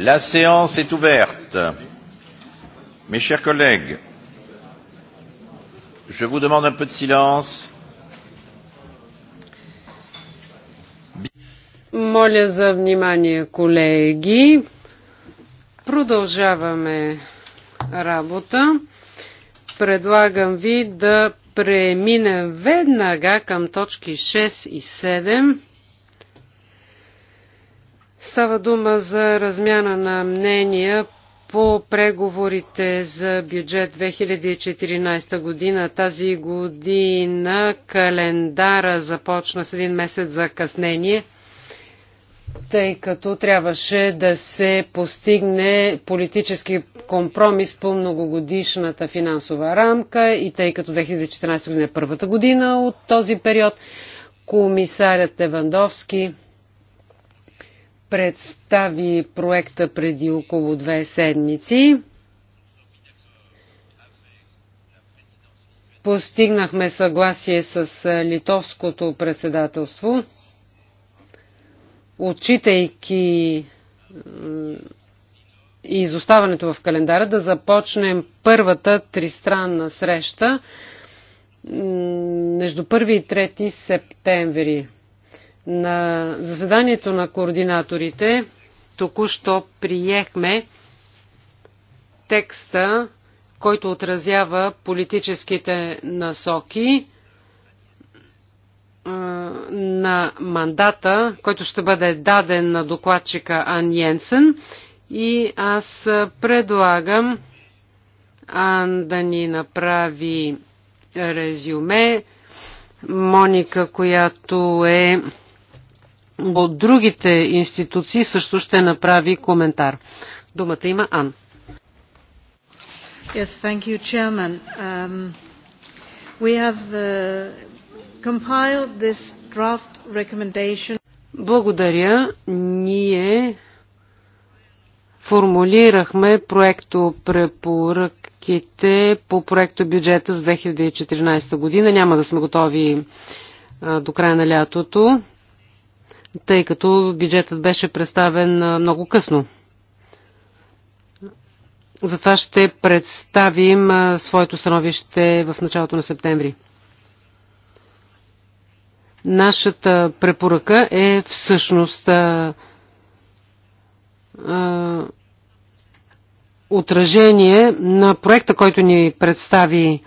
La séance est ouverte. Mes chers collègues, je vous demande un peu de silence. Моля за внимание, колеги. Продължаваме работа. Предлагам ви да преминем веднага към точки 6 и 7 Става дума за размяна на мнения по преговорите за бюджет 2014 година. Тази година календара започна с един месец закъснение, тъй като трябваше да се постигне политически компромис по многогодишната финансова рамка и тъй като 2014 година е първата година от този период, комисарят Евандовски представи проекта преди около две седмици. Постигнахме съгласие с литовското председателство, отчитайки и изоставането в календара, да започнем първата тристранна среща между 1 и 3 септември. На заседанието на координаторите току-що приехме текста, който отразява политическите насоки на мандата, който ще бъде даден на докладчика Ан Йенсен. И аз предлагам Ан да ни направи резюме. Моника, която е от другите институции също ще направи коментар. Думата има Ан. Yes, thank you, Chairman. Um, we have uh, compiled this draft recommendation. Благодаря. Ние формулирахме проекто препоръките по проекто бюджета с 2014 година. Няма да сме готови а, до края на лятото тъй като бюджетът беше представен много късно. Затова ще представим своето становище в началото на септември. Нашата препоръка е всъщност а, а, отражение на проекта, който ни представи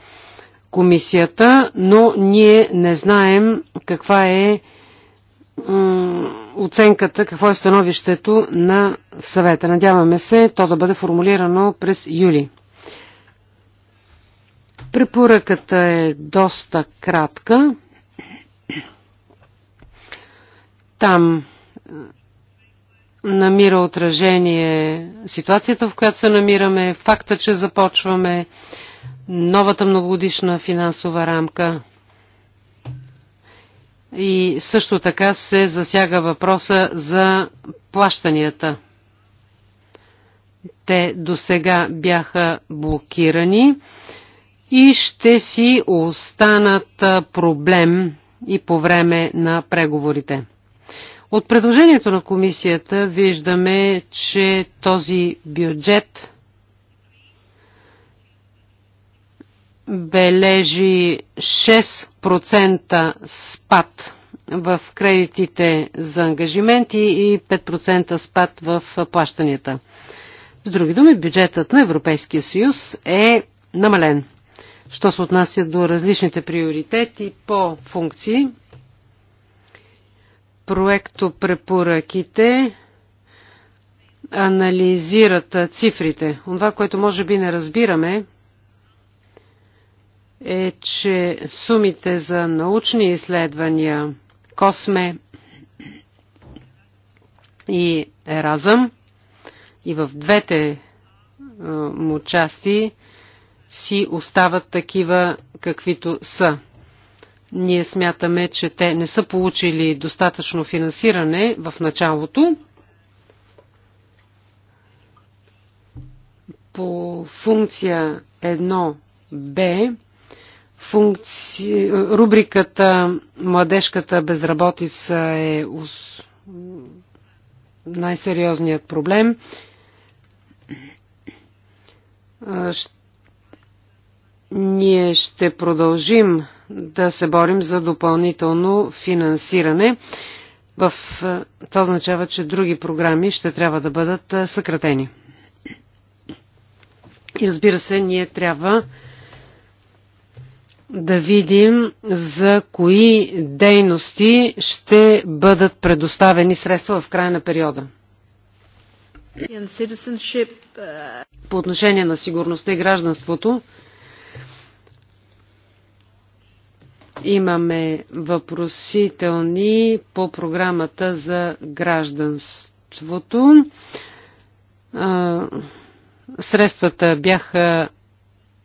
комисията, но ние не знаем каква е а, оценката, какво е становището на съвета. Надяваме се то да бъде формулирано през юли. Препоръката е доста кратка. Там намира отражение ситуацията, в която се намираме, факта, че започваме новата многогодишна финансова рамка. И също така се засяга въпроса за плащанията. Те до сега бяха блокирани и ще си останат проблем и по време на преговорите. От предложението на комисията виждаме, че този бюджет бележи 6% спад в кредитите за ангажименти и 5% спад в плащанията. С други думи, бюджетът на Европейския съюз е намален. Що се отнася до различните приоритети по функции, проекто препоръките анализират цифрите. Това, което може би не разбираме, е, че сумите за научни изследвания Косме и Еразъм и в двете е, му части си остават такива, каквито са. Ние смятаме, че те не са получили достатъчно финансиране в началото. По функция 1b Функци... Е, рубриката Младежката безработица е най-сериозният проблем. Е, ние ще продължим да се борим за допълнително финансиране. В... Е, това означава, че други програми ще трябва да бъдат съкратени. И разбира се, ние трябва да видим за кои дейности ще бъдат предоставени средства в края на периода. По отношение на сигурността и гражданството, имаме въпросителни по програмата за гражданството. Средствата бяха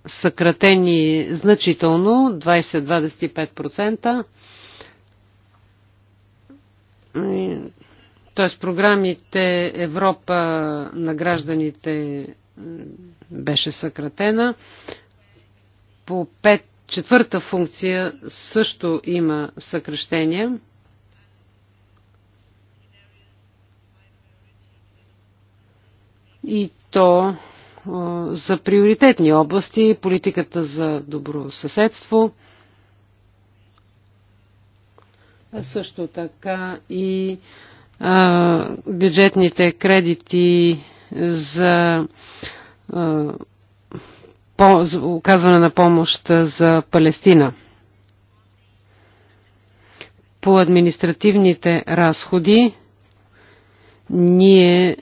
съкратени значително 20-25%. Т.е. програмите Европа на гражданите беше съкратена. По 5 четвърта функция също има съкръщения. И то за приоритетни области, политиката за добро съседство, а също така и а, бюджетните кредити за за оказване на помощ за Палестина. По административните разходи ние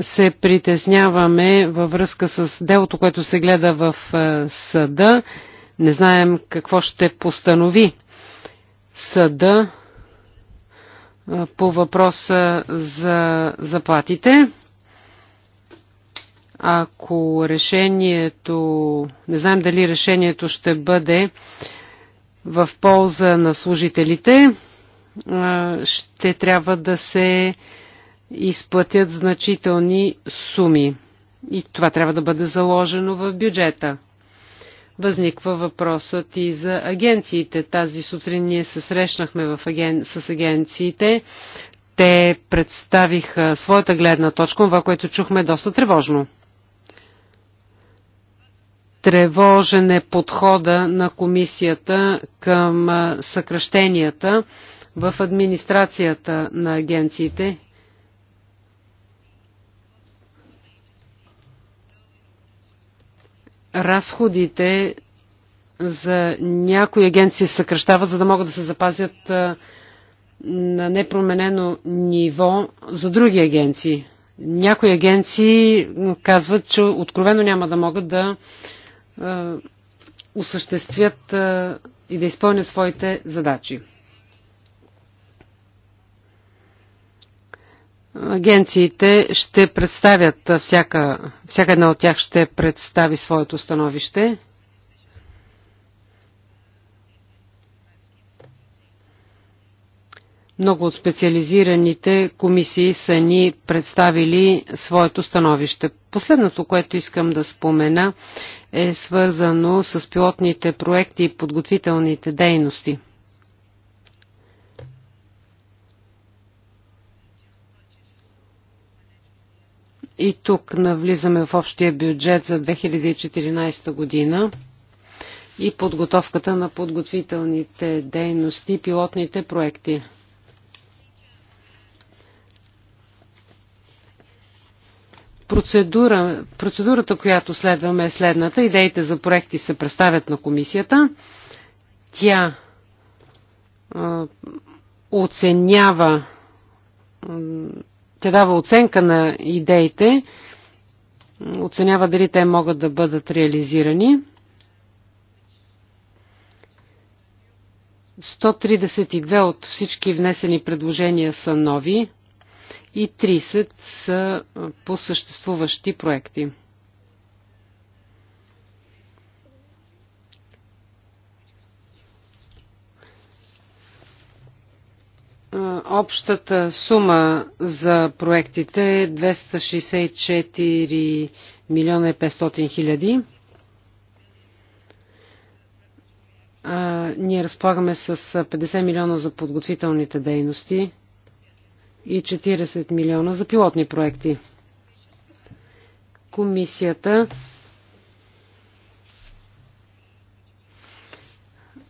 се притесняваме във връзка с делото, което се гледа в е, съда. Не знаем какво ще постанови съда е, по въпроса за заплатите. Ако решението, не знаем дали решението ще бъде в полза на служителите, е, ще трябва да се изплатят значителни суми. И това трябва да бъде заложено в бюджета. Възниква въпросът и за агенциите. Тази сутрин ние се срещнахме в аген... с агенциите. Те представиха своята гледна точка, това, което чухме е доста тревожно. Тревожен е подхода на комисията към съкръщенията в администрацията на агенциите разходите за някои агенции се съкръщават, за да могат да се запазят на непроменено ниво за други агенции. Някои агенции казват, че откровено няма да могат да осъществят и да изпълнят своите задачи. Агенциите ще представят, всяка, всяка една от тях ще представи своето становище. Много от специализираните комисии са ни представили своето становище. Последното, което искам да спомена, е свързано с пилотните проекти и подготвителните дейности – И тук навлизаме в общия бюджет за 2014 година и подготовката на подготвителните дейности, пилотните проекти. Процедура, процедурата, която следваме е следната. Идеите за проекти се представят на комисията. Тя а, оценява тя дава оценка на идеите, оценява дали те могат да бъдат реализирани. 132 от всички внесени предложения са нови и 30 са по съществуващи проекти. Общата сума за проектите е 264 милиона 500 хиляди. Ние разполагаме с 50 милиона за подготвителните дейности и 40 милиона за пилотни проекти. Комисията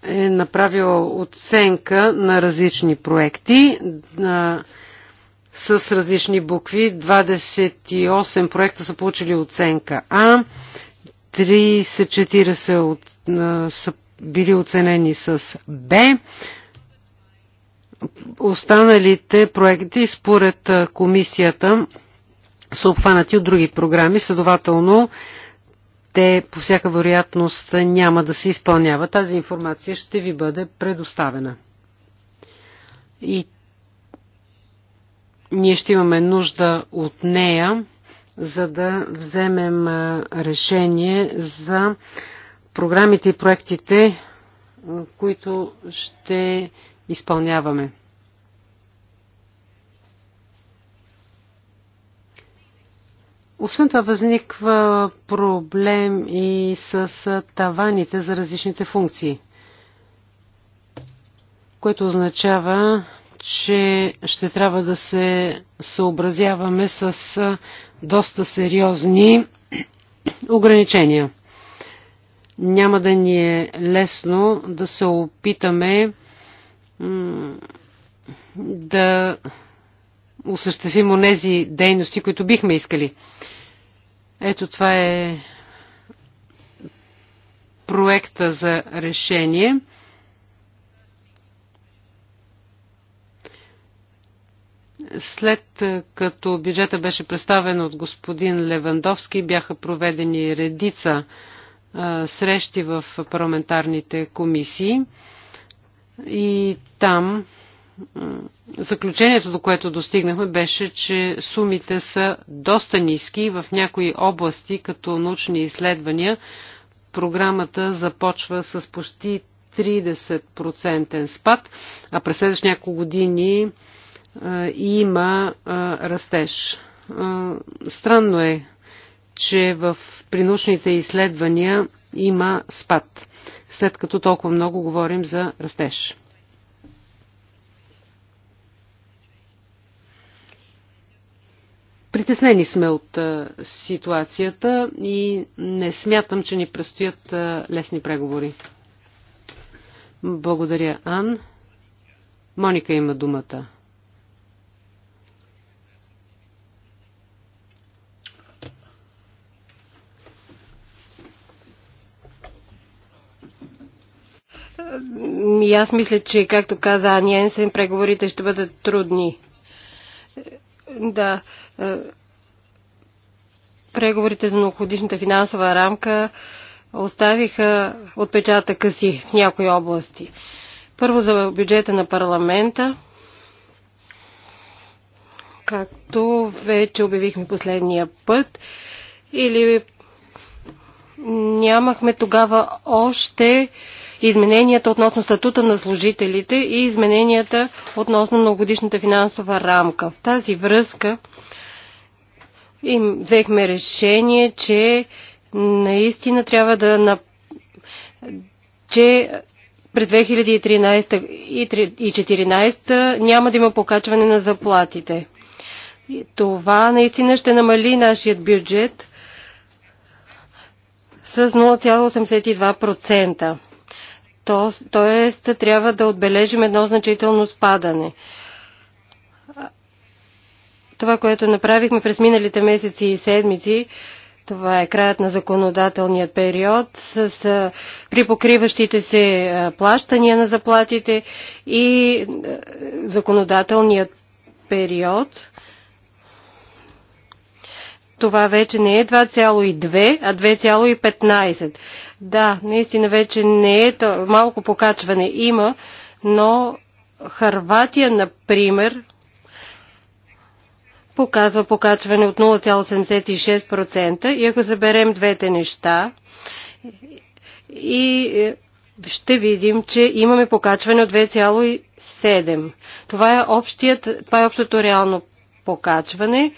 е направила оценка на различни проекти на, с различни букви. 28 проекта са получили оценка А, 30-40 от, са били оценени с Б. Останалите проекти според комисията са обхванати от други програми, следователно те по всяка вероятност няма да се изпълнява. Тази информация ще ви бъде предоставена. И ние ще имаме нужда от нея, за да вземем решение за програмите и проектите, които ще изпълняваме. Освен това възниква проблем и с таваните за различните функции, което означава, че ще трябва да се съобразяваме с доста сериозни ограничения. Няма да ни е лесно да се опитаме да осъществим онези дейности, които бихме искали. Ето това е проекта за решение. След като бюджета беше представен от господин Левандовски, бяха проведени редица а, срещи в парламентарните комисии и там заключението, до което достигнахме, беше, че сумите са доста ниски в някои области, като научни изследвания. Програмата започва с почти 30% спад, а през следващи няколко години а, е, има а, е, растеж. А, е, странно е, че в принучните изследвания има спад, след като толкова много говорим за растеж. Притеснени сме от ситуацията и не смятам, че ни предстоят лесни преговори. Благодаря, Ан. Моника има думата. И ами, аз мисля, че, както каза Енсен, преговорите ще бъдат трудни да е, преговорите за многогодишната финансова рамка оставиха отпечатъка си в някои области. Първо за бюджета на парламента. Както вече обявихме последния път, или нямахме тогава още измененията относно статута на служителите и измененията относно многогодишната финансова рамка. В тази връзка им взехме решение, че наистина трябва да на... че през 2013 и 2014 няма да има покачване на заплатите. Това наистина ще намали нашият бюджет с 0,82%. То, тоест, трябва да отбележим едно значително спадане. Това, което направихме през миналите месеци и седмици, това е краят на законодателния период с, с припокриващите се плащания на заплатите и законодателният период това вече не е 2,2, а 2,15. Да, наистина вече не е, малко покачване има, но Харватия, например, показва покачване от 0,76% и ако заберем двете неща и е, ще видим, че имаме покачване от 2,7. Това е, общият, това е общото реално покачване.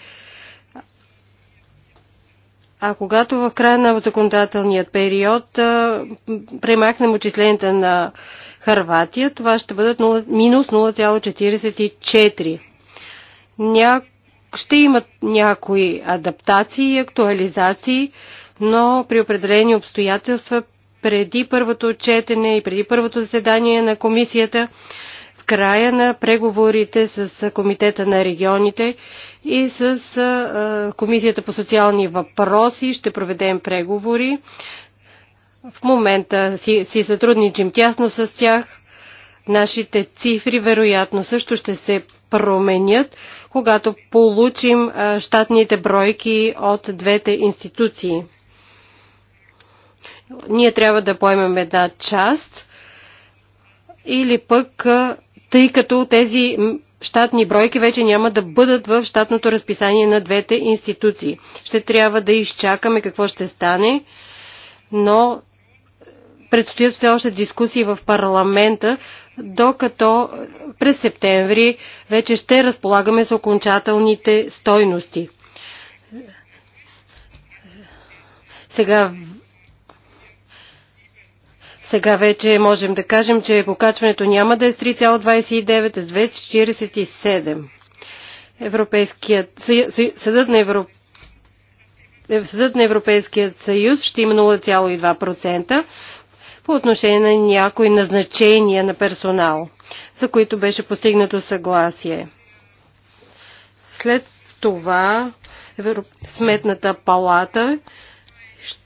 А когато в края на законодателният период премахнем отчисленията на Харватия, това ще бъдат 0, минус 0,44. Ня... Ще имат някои адаптации и актуализации, но при определени обстоятелства преди първото четене и преди първото заседание на комисията края на преговорите с Комитета на регионите и с Комисията по социални въпроси ще проведем преговори. В момента си, си сътрудничим тясно с тях. Нашите цифри вероятно също ще се променят, когато получим щатните бройки от двете институции. Ние трябва да поемем една част или пък тъй като тези щатни бройки вече няма да бъдат в щатното разписание на двете институции. Ще трябва да изчакаме какво ще стане, но предстоят все още дискусии в парламента, докато през септември вече ще разполагаме с окончателните стойности. Сега сега вече можем да кажем, че покачването няма да е с 3,29, а с 2,47. Европейският... Съдът на Европ... Е, съдът на Европейският съюз ще има 0,2% по отношение на някои назначения на персонал, за които беше постигнато съгласие. След това Сметната палата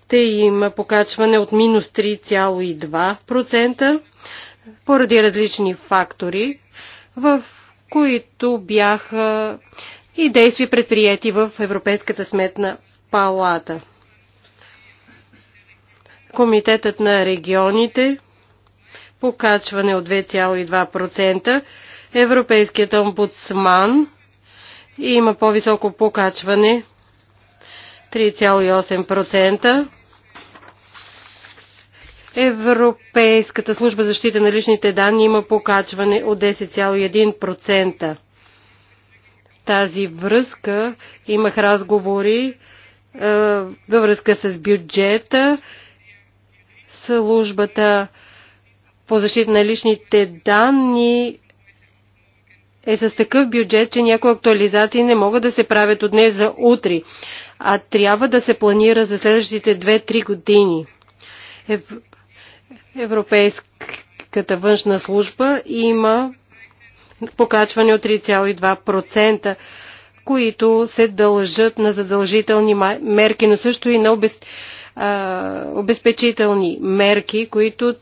ще има покачване от минус 3,2% поради различни фактори, в които бяха и действия предприяти в Европейската сметна палата. Комитетът на регионите покачване от 2,2%, Европейският омбудсман има по-високо покачване 3,8%, Европейската служба защита на личните данни има покачване от 10,1%. В тази връзка имах разговори е, във връзка с бюджета. Службата по защита на личните данни е с такъв бюджет, че някои актуализации не могат да се правят от днес за утре, а трябва да се планира за следващите 2-3 години. Европейската външна служба има покачване от 3,2%, които се дължат на задължителни мерки, но също и на обез... а, обезпечителни мерки, които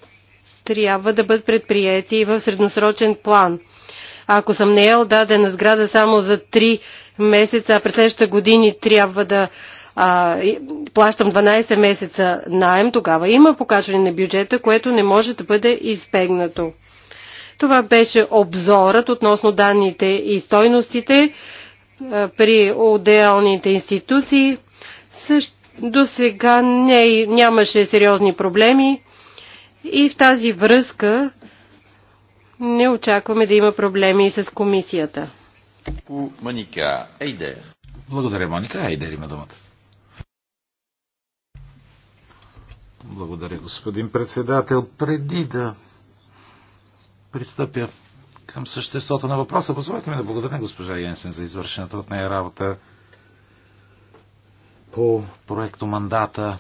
трябва да бъдат предприяти в средносрочен план. Ако съм ел дадена сграда само за 3 месеца, а през следващата години трябва да а, плащам 12 месеца найем, тогава има покачване на бюджета, което не може да бъде избегнато. Това беше обзорът относно данните и стойностите при отделните институции. Също до сега не, нямаше сериозни проблеми и в тази връзка не очакваме да има проблеми и с комисията. Благодаря, Моника Айдер има думата. Благодаря, господин председател. Преди да пристъпя към съществото на въпроса, позволете ми да благодаря госпожа Йенсен за извършената от нея работа по проекто мандата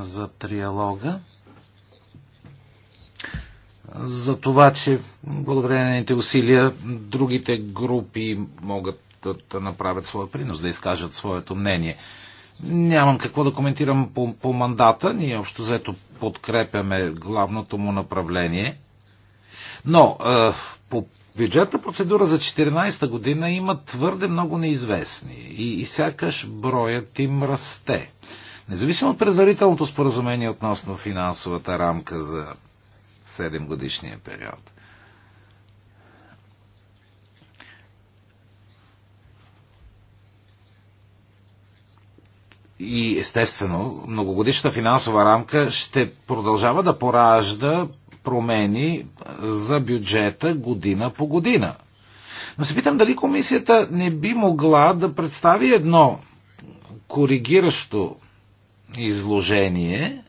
за триалога. За това, че благодарените усилия другите групи могат да направят своя принос, да изкажат своето мнение. Нямам какво да коментирам по, по мандата. Ние общо заето подкрепяме главното му направление. Но е, по бюджетна процедура за 2014 година има твърде много неизвестни и, и сякаш броят им расте. Независимо от предварителното споразумение относно финансовата рамка за 7 годишния период. И естествено, многогодишната финансова рамка ще продължава да поражда промени за бюджета година по година. Но се питам дали комисията не би могла да представи едно коригиращо изложение,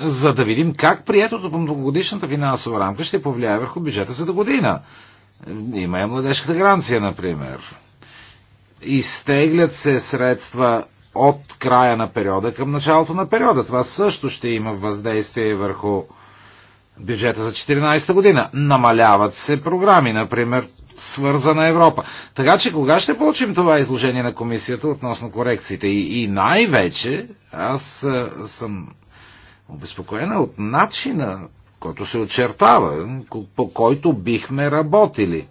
за да видим как приетото по многогодишната финансова рамка ще повлияе върху бюджета за да година. Има и младежката гаранция, например изтеглят се средства от края на периода към началото на периода. Това също ще има въздействие върху бюджета за 2014 година. Намаляват се програми, например свързана Европа. Така че кога ще получим това изложение на комисията относно корекциите? И, и най-вече аз а, съм обезпокоена от начина, който се очертава, по който бихме работили.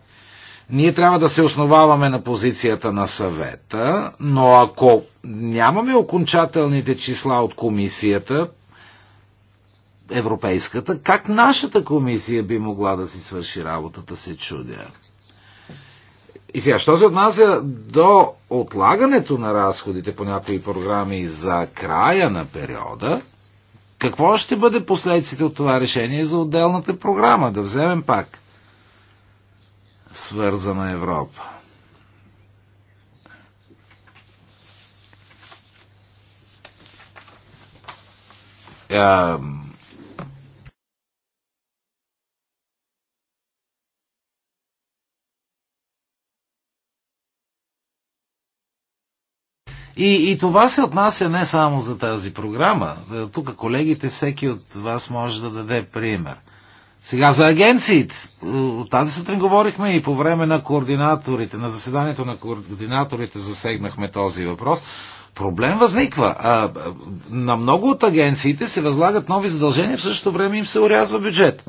Ние трябва да се основаваме на позицията на съвета, но ако нямаме окончателните числа от комисията, европейската, как нашата комисия би могла да си свърши работата, се чудя. И сега, що се отнася до отлагането на разходите по някои програми за края на периода, какво ще бъде последиците от това решение за отделната програма? Да вземем пак свързана Европа. А, И, и това се отнася не само за тази програма. Тук колегите, всеки от вас може да даде пример. Сега за агенциите. Тази сутрин говорихме и по време на координаторите, на заседанието на координаторите засегнахме този въпрос. Проблем възниква. А, на много от агенциите се възлагат нови задължения, в същото време им се урязва бюджет.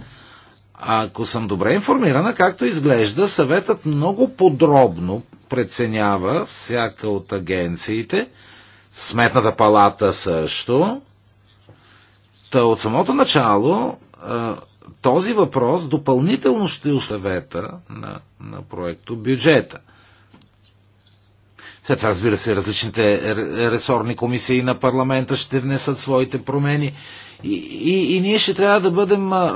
Ако съм добре информирана, както изглежда, съветът много подробно преценява всяка от агенциите, Сметната палата също. Та от самото начало този въпрос допълнително ще усъвета на, на проекто бюджета. След това, разбира се, различните ресорни комисии на парламента ще внесат своите промени. И, и, и ние ще трябва да бъдем а,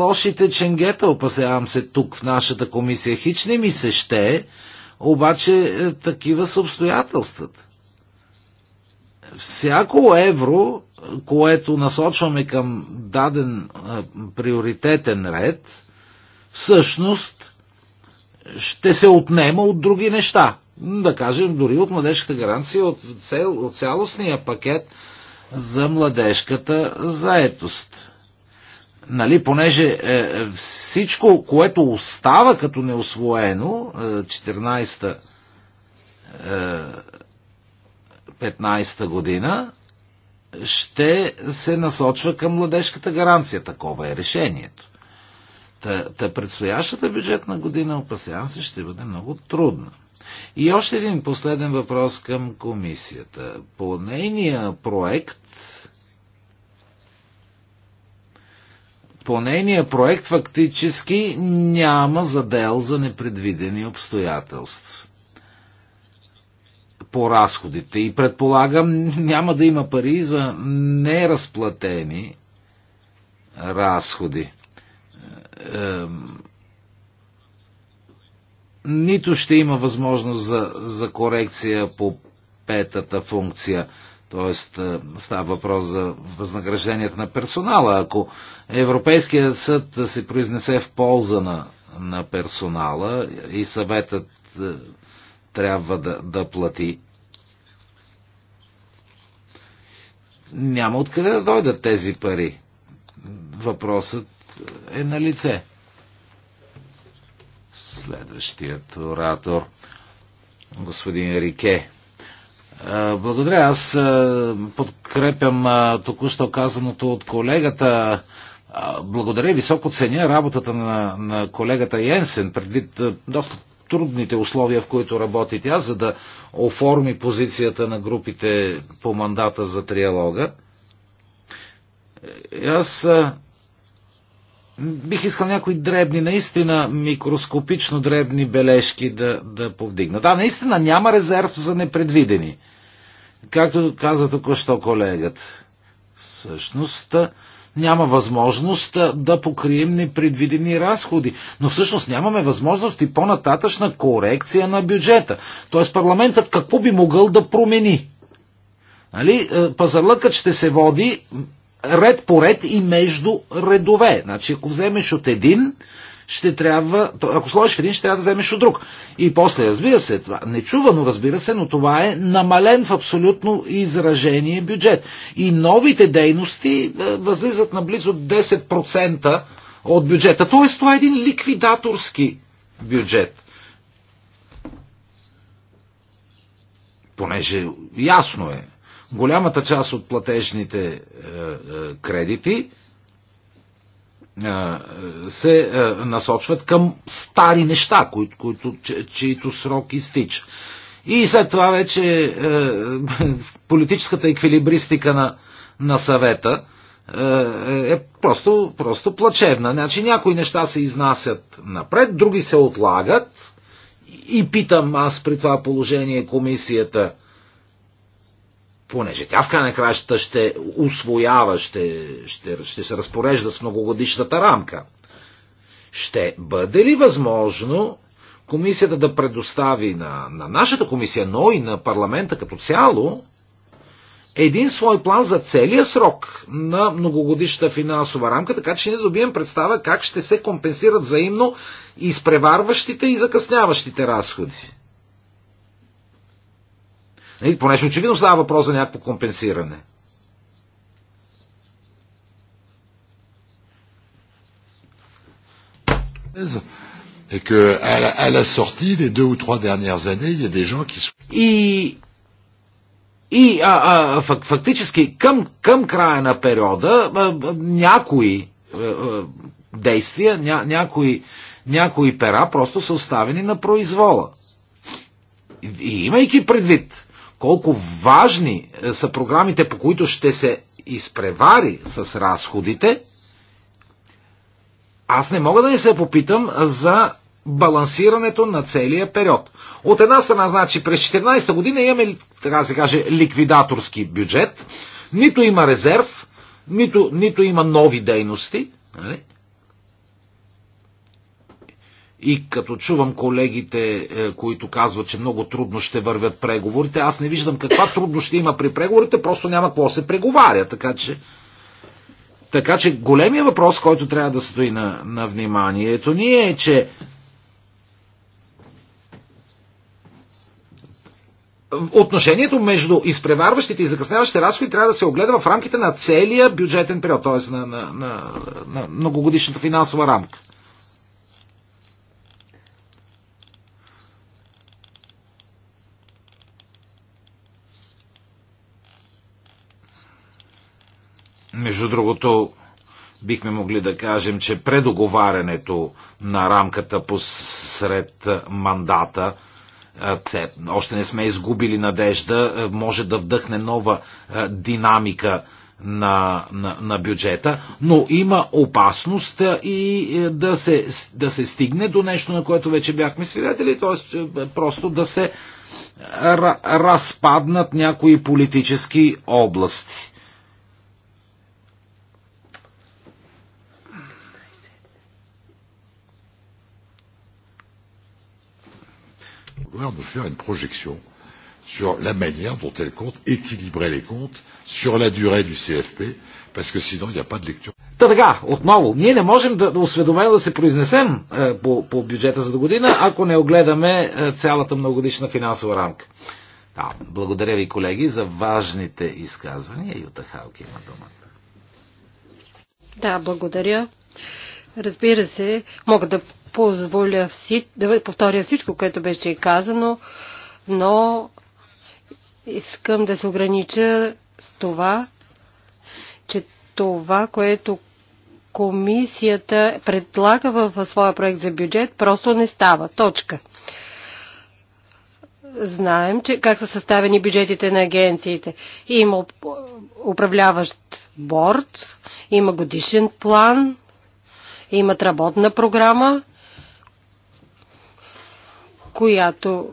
лошите ченгета, опасявам се тук в нашата комисия. Хич не ми се ще, обаче е, такива са обстоятелствата. Всяко евро което насочваме към даден приоритетен ред, всъщност ще се отнема от други неща. Да кажем, дори от младежката гаранция, от, цел, от цялостния пакет за младежката заетост. Нали, понеже е, всичко, което остава като неосвоено, 14 е, 15 е, година, ще се насочва към младежката гаранция. Такова е решението. Та, та предстоящата бюджетна година, опасявам се, ще бъде много трудна. И още един последен въпрос към комисията. По нейния проект, по нейния проект фактически няма задел за непредвидени обстоятелства по разходите. И предполагам, няма да има пари за неразплатени разходи. Нито ще има възможност за, за корекция по петата функция. Тоест, е, става въпрос за възнагражденията на персонала. Ако Европейският съд се произнесе в полза на, на персонала и съветът е, трябва да, да плати. Няма откъде да дойдат тези пари. Въпросът е на лице. Следващият оратор, господин Рике. Благодаря. Аз подкрепям току-що казаното от колегата. Благодаря, високо ценя работата на, на колегата Йенсен, предвид доста трудните условия, в които работи тя, за да оформи позицията на групите по мандата за триалога. Аз бих искал някои дребни, наистина микроскопично дребни бележки да, да повдигна. Да, наистина няма резерв за непредвидени. Както каза току-що колегът. Всъщност, няма възможност да покрием непредвидени разходи. Но всъщност нямаме възможност и по-нататъчна корекция на бюджета. Тоест парламентът какво би могъл да промени? Нали? Пазарлъкът ще се води ред по ред и между редове. Значи ако вземеш от един, ще трябва, ако сложиш в един, ще трябва да вземеш от друг. И после, разбира се, това Не но разбира се, но това е намален в абсолютно изражение бюджет. И новите дейности е, възлизат на близо 10% от бюджета. Тоест, това е един ликвидаторски бюджет. Понеже ясно е, голямата част от платежните е, е, кредити се насочват към стари неща, които, които, чието срок изтича. И след това вече политическата еквилибристика на, на съвета е, е просто, просто плачевна. Значи някои неща се изнасят напред, други се отлагат и питам аз при това положение комисията понеже тя в край на краищата ще освоява, ще, ще, ще се разпорежда с многогодишната рамка. Ще бъде ли възможно комисията да предостави на, на нашата комисия, но и на парламента като цяло, един свой план за целия срок на многогодишната финансова рамка, така че ние добием представа как ще се компенсират взаимно изпреварващите и закъсняващите разходи. И нали, понеже очевидно става въпрос за някакво компенсиране. Et que à la, à la sortie des deux ou trois dernières années, il y a des gens qui sont... И, и а, а, фактически към, към края на периода а, а, някои а, действия, ня, някои, някои пера просто са оставени на произвола. И имайки предвид колко важни е, са програмите, по които ще се изпревари с разходите, аз не мога да не се попитам за балансирането на целия период. От една страна, значи, през 14-та година имаме, така се каже, ликвидаторски бюджет, нито има резерв, нито, нито има нови дейности. Нали? И като чувам колегите, е, които казват, че много трудно ще вървят преговорите, аз не виждам каква трудно ще има при преговорите, просто няма какво се преговаря. Така че, така че големия въпрос, който трябва да стои на, на вниманието ни е, че отношението между изпреварващите и закъсняващите разходи трябва да се огледа в рамките на целия бюджетен период, т.е. На, на, на, на многогодишната финансова рамка. Между другото, бихме могли да кажем, че предоговарянето на рамката посред мандата, це, още не сме изгубили надежда, може да вдъхне нова динамика на, на, на бюджета, но има опасност и е, да се, да се стигне до нещо, на което вече бяхме свидетели, т.е. Е, просто да се разпаднат някои политически области vouloir nous faire une projection sur la manière dont elle compte équilibrer les comptes sur la durée du CFP, parce que sinon il n'y a pas de lecture. Та така, отново, ние не можем да, да осведомено да се произнесем е, по, по бюджета за до година, ако не огледаме е, цялата многогодишна финансова рамка. Да, благодаря ви, колеги, за важните изказвания. Юта Халки има думата. Да, благодаря. Разбира се, мога да позволя вси, да повторя всичко, което беше казано, но искам да се огранича с това, че това, което комисията предлага в своя проект за бюджет, просто не става. Точка. Знаем, че как са съставени бюджетите на агенциите. Има управляващ борт, има годишен план, имат работна програма която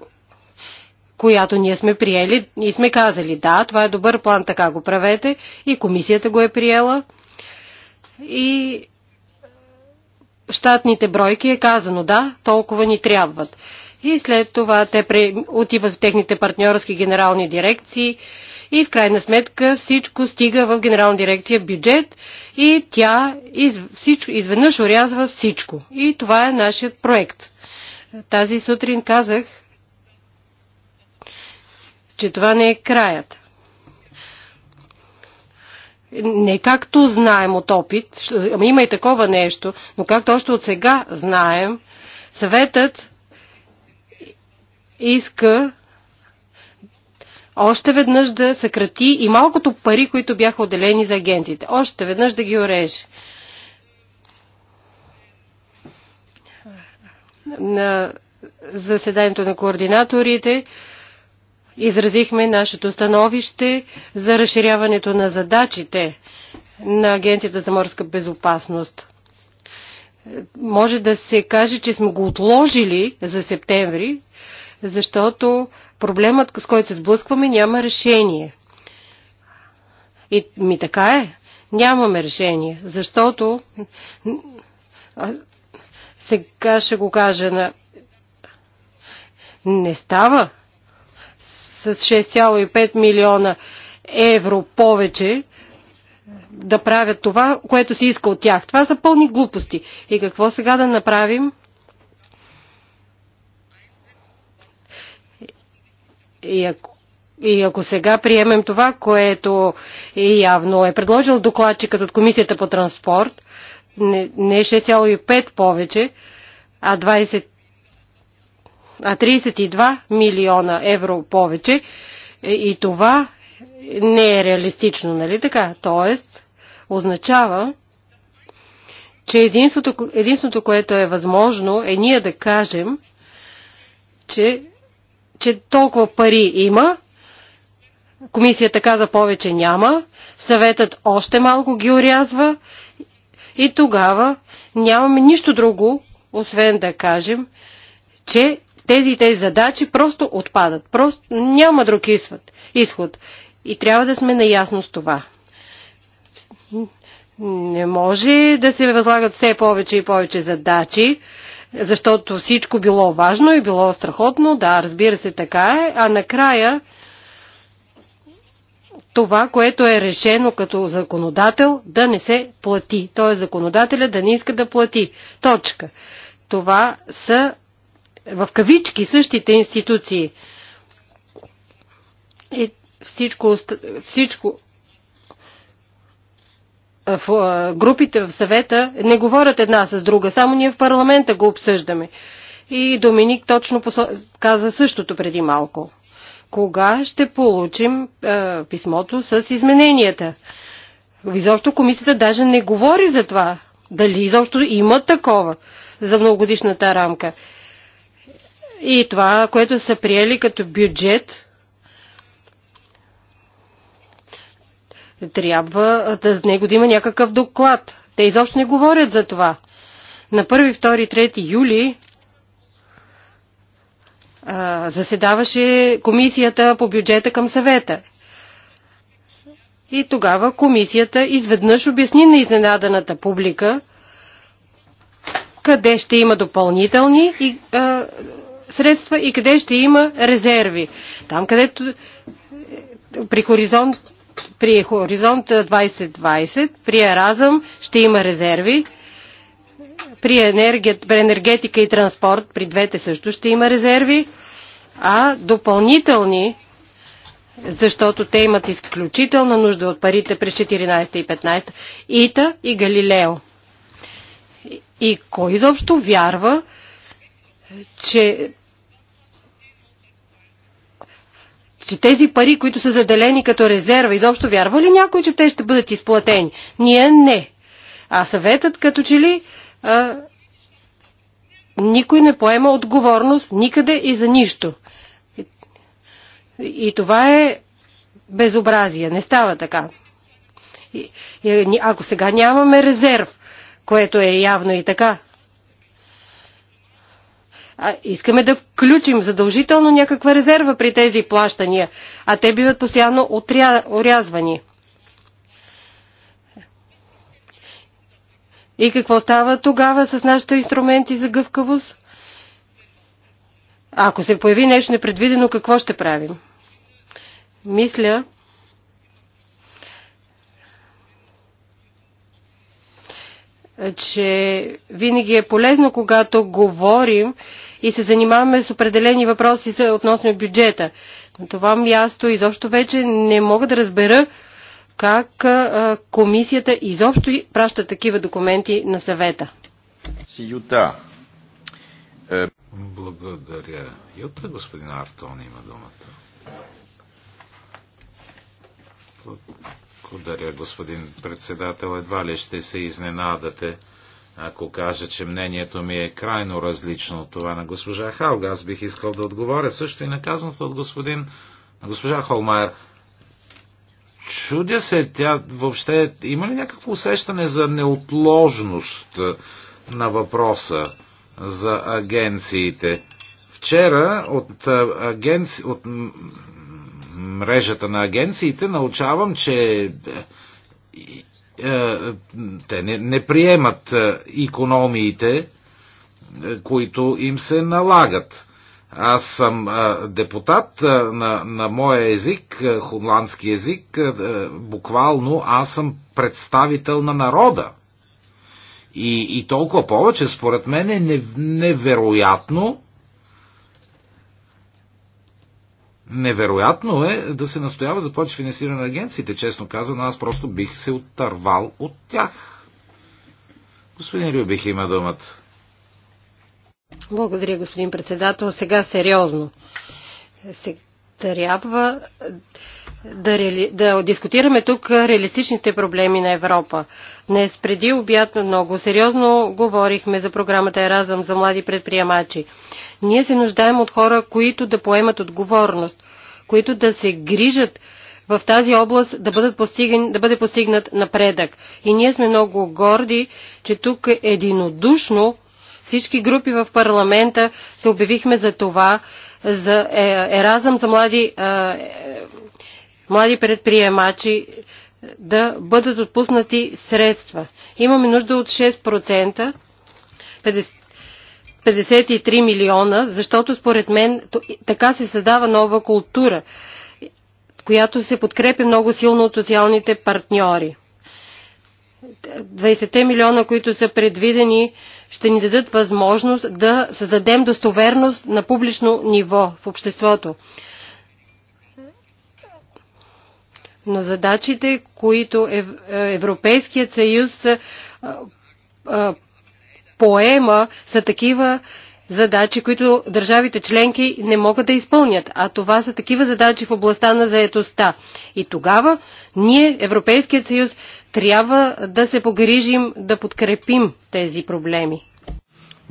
която ние сме приели и сме казали, да, това е добър план, така го правете. И комисията го е приела. И щатните бройки е казано, да, толкова ни трябват. И след това те отиват в техните партньорски генерални дирекции и в крайна сметка всичко стига в генерална дирекция бюджет и тя изведнъж урязва всичко. И това е нашия проект. Тази сутрин казах, че това не е краят. Не както знаем от опит, ама има и такова нещо, но както още от сега знаем, съветът иска още веднъж да съкрати и малкото пари, които бяха отделени за агенциите. Още веднъж да ги ореже. на заседанието на координаторите изразихме нашето становище за разширяването на задачите на Агенцията за морска безопасност. Може да се каже, че сме го отложили за септември, защото проблемът, с който се сблъскваме, няма решение. И ми така е. Нямаме решение, защото сега ще го кажа на... Не става. С 6,5 милиона евро повече да правят това, което се иска от тях. Това са пълни глупости. И какво сега да направим? И ако, и ако сега приемем това, което явно е предложил докладчикът от Комисията по транспорт, не, не 6,5 е повече, а 20 а 32 милиона евро повече е, и това не е реалистично, нали така? Тоест, означава, че единството, единството което е възможно, е ние да кажем, че, че толкова пари има, комисията каза повече няма, съветът още малко ги урязва. И тогава нямаме нищо друго, освен да кажем, че тези и тези задачи просто отпадат. Просто няма друг изход. И трябва да сме наясно с това. Не може да се възлагат все повече и повече задачи, защото всичко било важно и било страхотно. Да, разбира се, така е. А накрая това, което е решено като законодател, да не се плати. Т.е. законодателя да не иска да плати. Точка. Това са в кавички същите институции. И всичко, всичко в групите в съвета не говорят една с друга, само ние в парламента го обсъждаме. И Доминик точно посо... каза същото преди малко. Кога ще получим а, е, писмото с измененията? Изобщо комисията даже не говори за това. Дали изобщо има такова за многогодишната рамка? И това, което са приели като бюджет, трябва да с него да има някакъв доклад. Те изобщо не говорят за това. На 1, 2, 3 юли заседаваше комисията по бюджета към съвета. И тогава комисията изведнъж обясни на изненаданата публика къде ще има допълнителни и, а, средства и къде ще има резерви. Там, където е, при хоризонт, при хоризонт 2020, при Еразъм ще има резерви, при, енергетика и транспорт, при двете също ще има резерви, а допълнителни, защото те имат изключителна нужда от парите през 14 и 15, Ита и Галилео. И кой изобщо вярва, че че тези пари, които са заделени като резерва, изобщо вярва ли някой, че те ще бъдат изплатени? Ние не. А съветът като че ли никой не поема отговорност никъде и за нищо. И това е безобразие. Не става така. И, и, ако сега нямаме резерв, което е явно и така, а, искаме да включим задължително някаква резерва при тези плащания, а те биват постоянно отря, И какво става тогава с нашите инструменти за гъвкавост? Ако се появи нещо непредвидено, какво ще правим? Мисля, че винаги е полезно, когато говорим и се занимаваме с определени въпроси относно бюджета. На това място изобщо вече не мога да разбера как комисията изобщо праща такива документи на съвета. Юта. Е, Благодаря. Юта, господин Артон, има думата. Благодаря, господин председател. Едва ли ще се изненадате, ако кажа, че мнението ми е крайно различно от това на госпожа Халга. Аз бих искал да отговоря също и наказаното от господин на госпожа Холмайер. Чудя се, тя въобще има ли някакво усещане за неотложност е, на въпроса за агенциите? Вчера от, е, агенци... от мрежата на агенциите научавам, че е, те не, приемат економиите, които им се налагат. Аз съм депутат на, на моя език, хунландски език, буквално аз съм представител на народа. И, и толкова повече, според мен е невероятно, невероятно е да се настоява за повече финансиране на агенциите. Честно казано, аз просто бих се отървал от тях. Господин Рюбих има думата. Благодаря, господин председател. Сега сериозно. Трябва да, реали... да дискутираме тук реалистичните проблеми на Европа. Днес преди обяд много сериозно говорихме за програмата Еразъм за млади предприемачи. Ние се нуждаем от хора, които да поемат отговорност, които да се грижат в тази област да, бъдат постиган, да бъде постигнат напредък. И ние сме много горди, че тук единодушно всички групи в парламента се обявихме за това, за е, еразъм за млади, е, е, млади предприемачи да бъдат отпуснати средства. Имаме нужда от 6%, 50, 53 милиона, защото според мен така се създава нова култура, която се подкрепи много силно от социалните партньори. 20 милиона, които са предвидени ще ни дадат възможност да създадем достоверност на публично ниво в обществото. Но задачите, които е, Европейският съюз е, е, поема, са такива, задачи, които държавите членки не могат да изпълнят, а това са такива задачи в областта на заетостта. И тогава ние, Европейският съюз, трябва да се погрижим да подкрепим тези проблеми.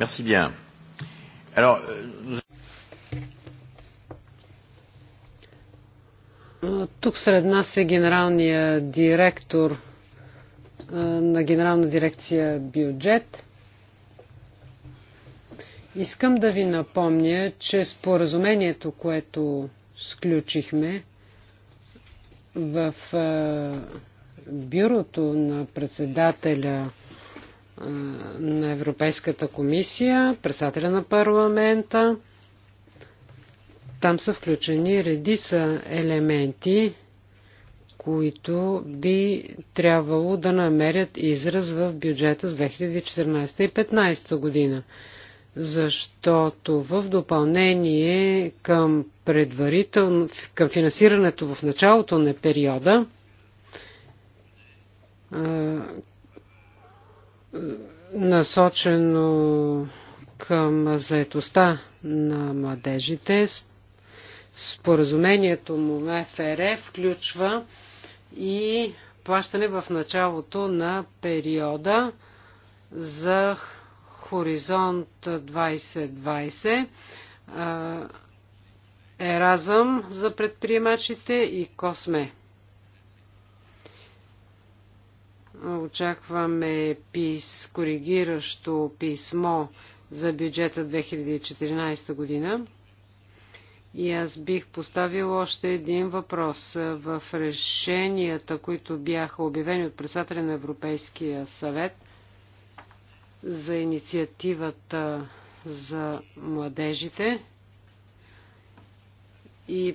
Merci bien. Alors, euh, Тук сред нас е генералния директор на Генерална дирекция бюджет. Искам да ви напомня, че споразумението, което сключихме в бюрото на председателя на Европейската комисия, председателя на парламента. Там са включени редица елементи, които би трябвало да намерят израз в бюджета с 2014 и 2015 година. Защото в допълнение към, предварително, към финансирането в началото на периода, е, насочено към заетостта на младежите. Споразумението му на ФР включва и плащане в началото на периода за Хоризонт 2020, е, Еразъм за предприемачите и Косме. Очакваме пис, коригиращо писмо за бюджета 2014 година. И аз бих поставил още един въпрос. В решенията, които бяха обявени от председателя на Европейския съвет за инициативата за младежите и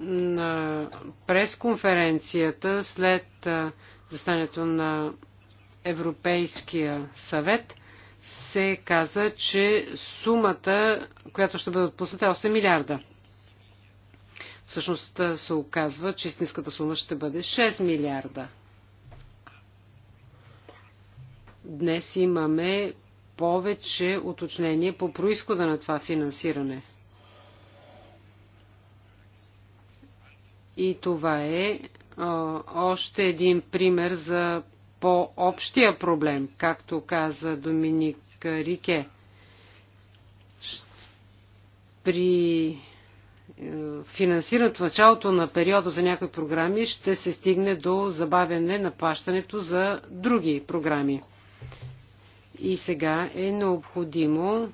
на пресконференцията след Застането на Европейския съвет се каза, че сумата, която ще бъде отпусната е 8 милиарда. Всъщност се оказва, че истинската сума ще бъде 6 милиарда. Днес имаме повече уточнение по происхода на това финансиране. И това е още един пример за по-общия проблем, както каза Доминик Рике. При е, финансирането в началото на периода за някои програми ще се стигне до забавяне на плащането за други програми. И сега е необходимо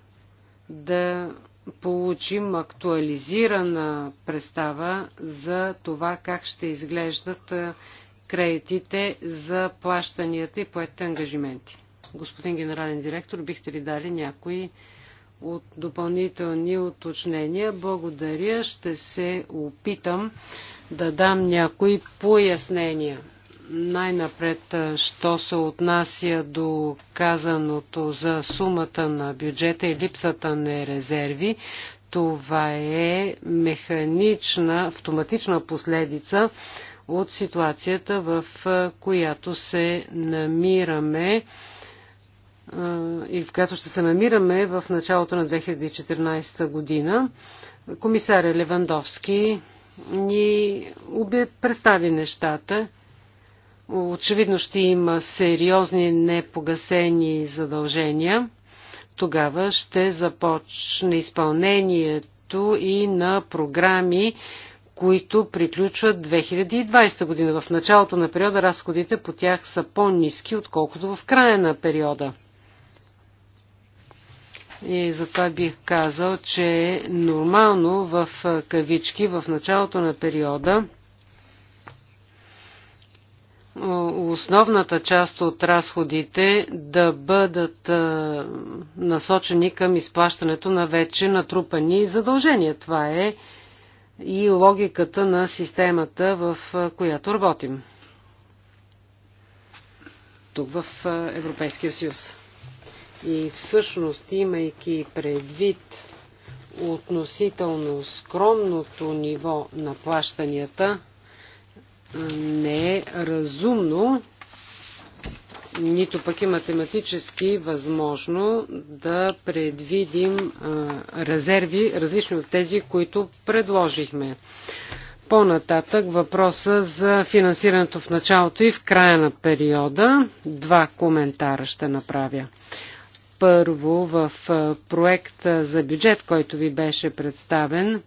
да получим актуализирана представа за това как ще изглеждат кредитите за плащанията и поетите ангажименти. Господин генерален директор, бихте ли дали някои от допълнителни уточнения? Благодаря. Ще се опитам да дам някои пояснения. Най-напред, що се отнася до казаното за сумата на бюджета и липсата на резерви, това е механична, автоматична последица от ситуацията, в която се намираме и в която ще се намираме в началото на 2014 година. Комисаря Левандовски ни представи нещата очевидно ще има сериозни непогасени задължения, тогава ще започне изпълнението и на програми, които приключват 2020 година. В началото на периода разходите по тях са по-низки, отколкото в края на периода. И затова бих казал, че е нормално в кавички в началото на периода е, основната част от разходите да бъдат е, насочени към изплащането на вече натрупани задължения. Това е и логиката на системата, в е, която работим. Тук в Европейския съюз. И всъщност, имайки предвид относително скромното ниво на плащанията, не е разумно, нито пък е математически възможно да предвидим резерви, различни от тези, които предложихме. По-нататък въпроса за финансирането в началото и в края на периода. Два коментара ще направя. Първо, в проект за бюджет, който ви беше представен,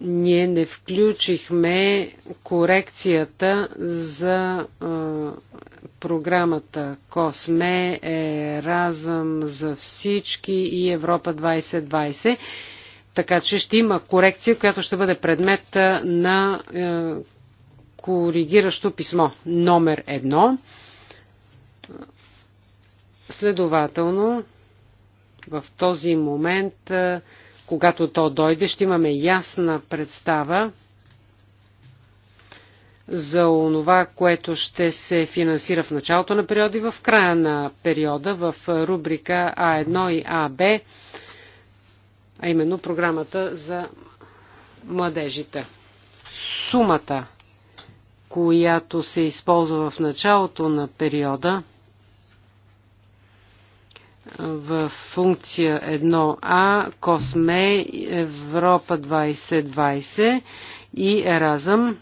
ние не включихме корекцията за а, програмата Косме, е разъм за всички и Европа 2020. Така че ще има корекция, която ще бъде предмет на а, коригиращо писмо номер едно. Следователно, в този момент а, когато то дойде, ще имаме ясна представа за онова, което ще се финансира в началото на периода и в края на периода в рубрика А1 и АБ, а именно програмата за младежите. Сумата, която се използва в началото на периода, в функция 1А, Косме, Европа 2020 и Еразъм.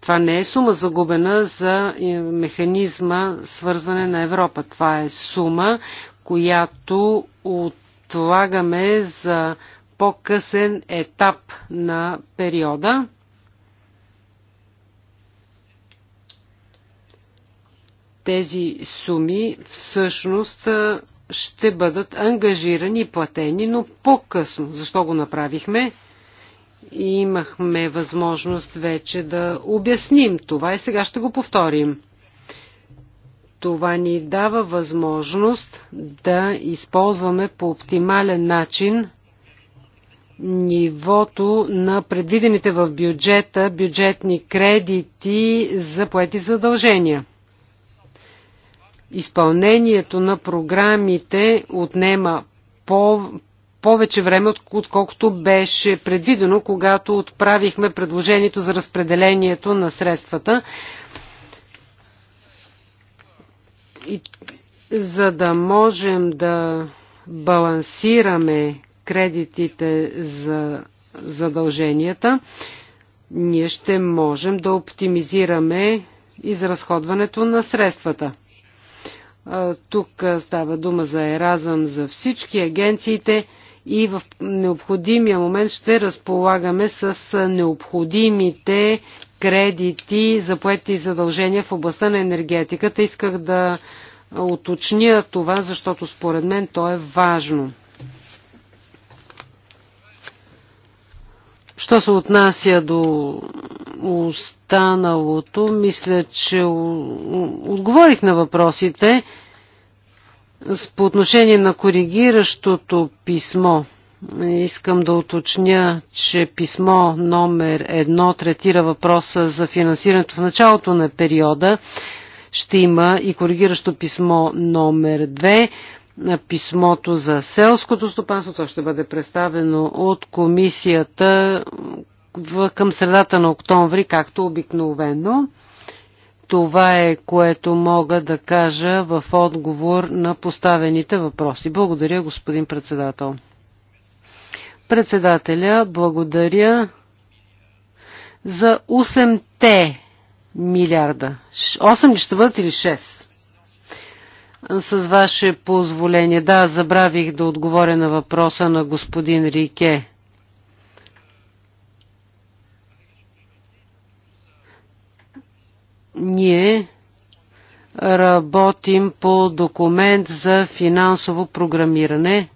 Това не е сума загубена за е, механизма свързване на Европа. Това е сума, която отлагаме за по-късен етап на периода. тези суми всъщност ще бъдат ангажирани и платени, но по-късно. Защо го направихме? И имахме възможност вече да обясним това и сега ще го повторим. Това ни дава възможност да използваме по оптимален начин нивото на предвидените в бюджета бюджетни кредити за поети задължения изпълнението на програмите отнема по, повече време, отколкото беше предвидено, когато отправихме предложението за разпределението на средствата. И, за да можем да балансираме кредитите за задълженията, ние ще можем да оптимизираме изразходването на средствата. Тук става дума за Еразъм за всички агенциите и в необходимия момент ще разполагаме с необходимите кредити за поети и задължения в областта на енергетиката. Исках да уточня това, защото според мен то е важно. Що се отнася до останалото, мисля, че отговорих на въпросите по отношение на коригиращото писмо. Искам да уточня, че писмо номер едно третира въпроса за финансирането в началото на периода. Ще има и коригиращо писмо номер две на писмото за селското стопанство. То ще бъде представено от комисията в, към средата на октомври, както обикновено. Това е което мога да кажа в отговор на поставените въпроси. Благодаря, господин председател. Председателя, благодаря за 8-те милиарда. 8 ли ще бъдат или 6? С ваше позволение. Да, забравих да отговоря на въпроса на господин Рике. Ние работим по документ за финансово програмиране.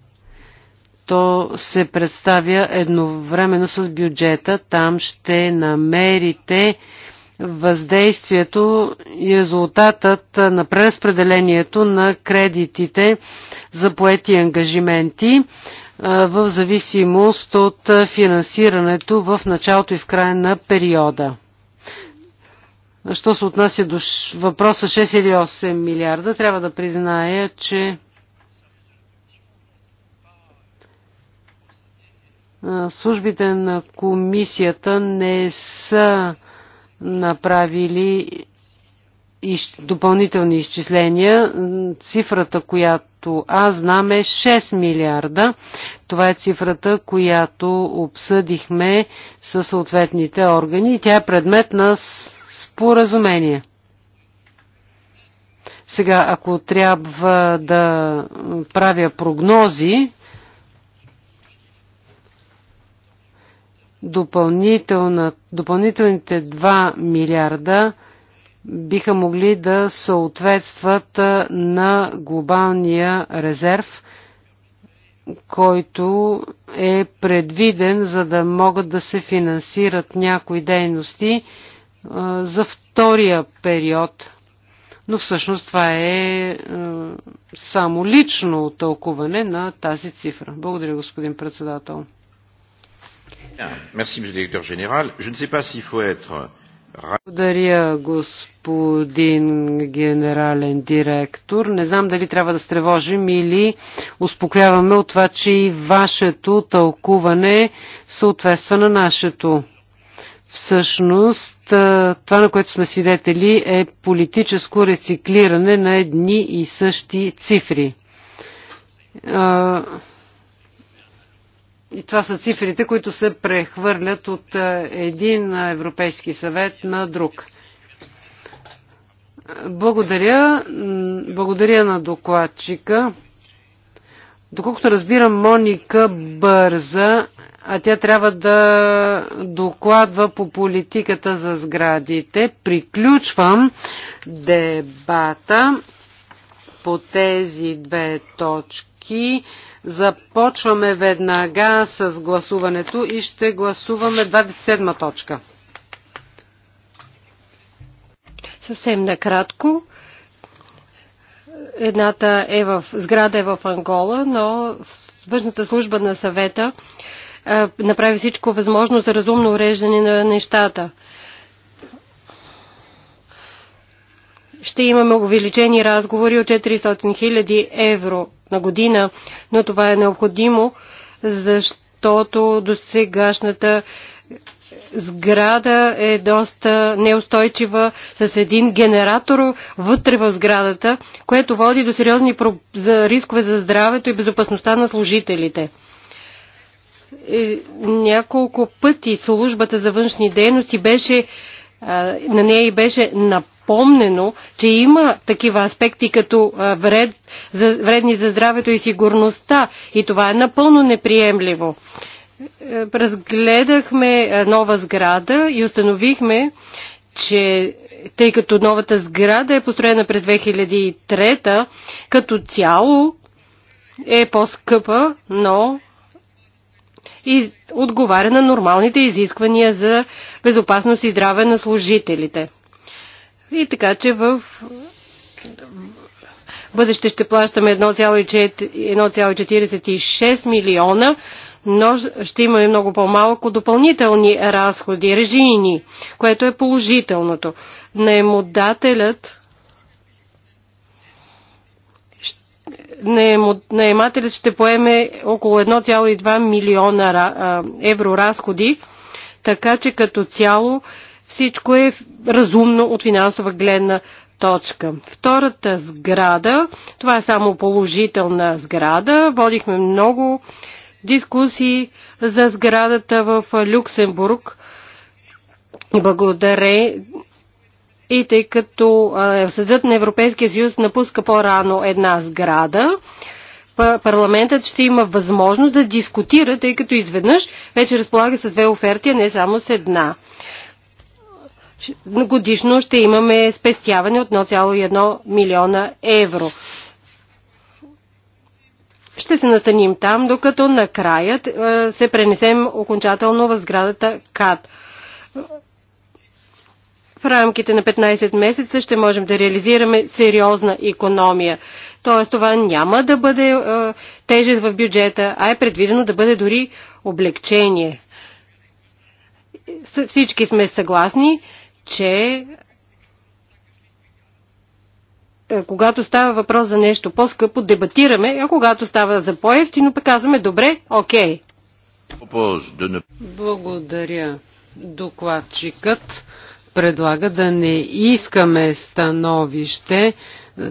То се представя едновременно с бюджета. Там ще намерите въздействието и резултатът на преразпределението на кредитите за поети ангажименти в зависимост от финансирането в началото и в края на периода. Що се отнася до въпроса 6 или 8 милиарда, трябва да призная, че службите на комисията не са направили допълнителни изчисления. Цифрата, която аз знам е 6 милиарда. Това е цифрата, която обсъдихме със съответните органи и тя е предмет на споразумение. Сега, ако трябва да правя прогнози, допълнителните 2 милиарда биха могли да съответстват на глобалния резерв, който е предвиден, за да могат да се финансират някои дейности за втория период. Но всъщност това е само лично тълкуване на тази цифра. Благодаря, господин председател. Благодаря, господин генерален директор. Не знам дали трябва да стревожим или успокояваме от това, че и вашето тълкуване съответства на нашето. Всъщност, това, на което сме свидетели, е политическо рециклиране на едни и същи цифри. И това са цифрите, които се прехвърлят от е, един Европейски съвет на друг. Благодаря. Благодаря на докладчика. Доколкото разбирам, Моника бърза, а тя трябва да докладва по политиката за сградите. Приключвам дебата по тези две точки. Започваме веднага с гласуването и ще гласуваме 27 точка. Съвсем накратко. Едната е в сграда е в Ангола, но външната служба на съвета е, направи всичко възможно за разумно уреждане на нещата. Ще имаме увеличени разговори от 400 000 евро на година, но това е необходимо, защото до сегашната сграда е доста неустойчива с един генератор вътре в сградата, което води до сериозни рискове за здравето и безопасността на служителите. Е, няколко пъти службата за външни дейности беше на нея и беше напълно напомнено, че има такива аспекти като вред, за, вредни за здравето и сигурността и това е напълно неприемливо. Е, разгледахме нова сграда и установихме, че тъй като новата сграда е построена през 2003, като цяло е по-скъпа, но и отговаря на нормалните изисквания за безопасност и здраве на служителите. И така, че в бъдеще ще плащаме 1,46 милиона, но ще имаме много по-малко допълнителни разходи, режийни, което е положителното. Наемодателят наемателят ще поеме около 1,2 милиона евро разходи, така че като цяло всичко е разумно от финансова гледна точка. Втората сграда, това е само положителна сграда. Водихме много дискусии за сградата в Люксембург. Благодаре и тъй като Съдът на Европейския съюз напуска по-рано една сграда, парламентът ще има възможност да дискутира, тъй като изведнъж вече разполага с две оферти, а не само с една годишно ще имаме спестяване от 1,1 милиона евро. Ще се настаним там, докато накрая е, се пренесем окончателно в сградата КАД. В рамките на 15 месеца ще можем да реализираме сериозна економия. Тоест това няма да бъде е, тежест в бюджета, а е предвидено да бъде дори облегчение. Всички сме съгласни, че е, когато става въпрос за нещо по-скъпо, дебатираме, а когато става за по-ефтино, пък казваме добре, окей. Благодаря. Докладчикът предлага да не искаме становище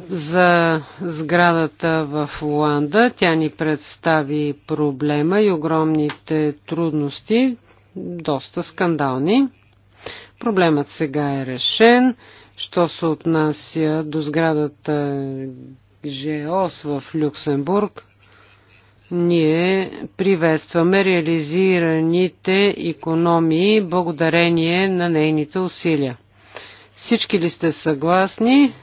за сградата в Луанда. Тя ни представи проблема и огромните трудности, доста скандални. Проблемът сега е решен. Що се отнася до сградата ЖОС в Люксембург, ние приветстваме реализираните економии благодарение на нейните усилия. Всички ли сте съгласни?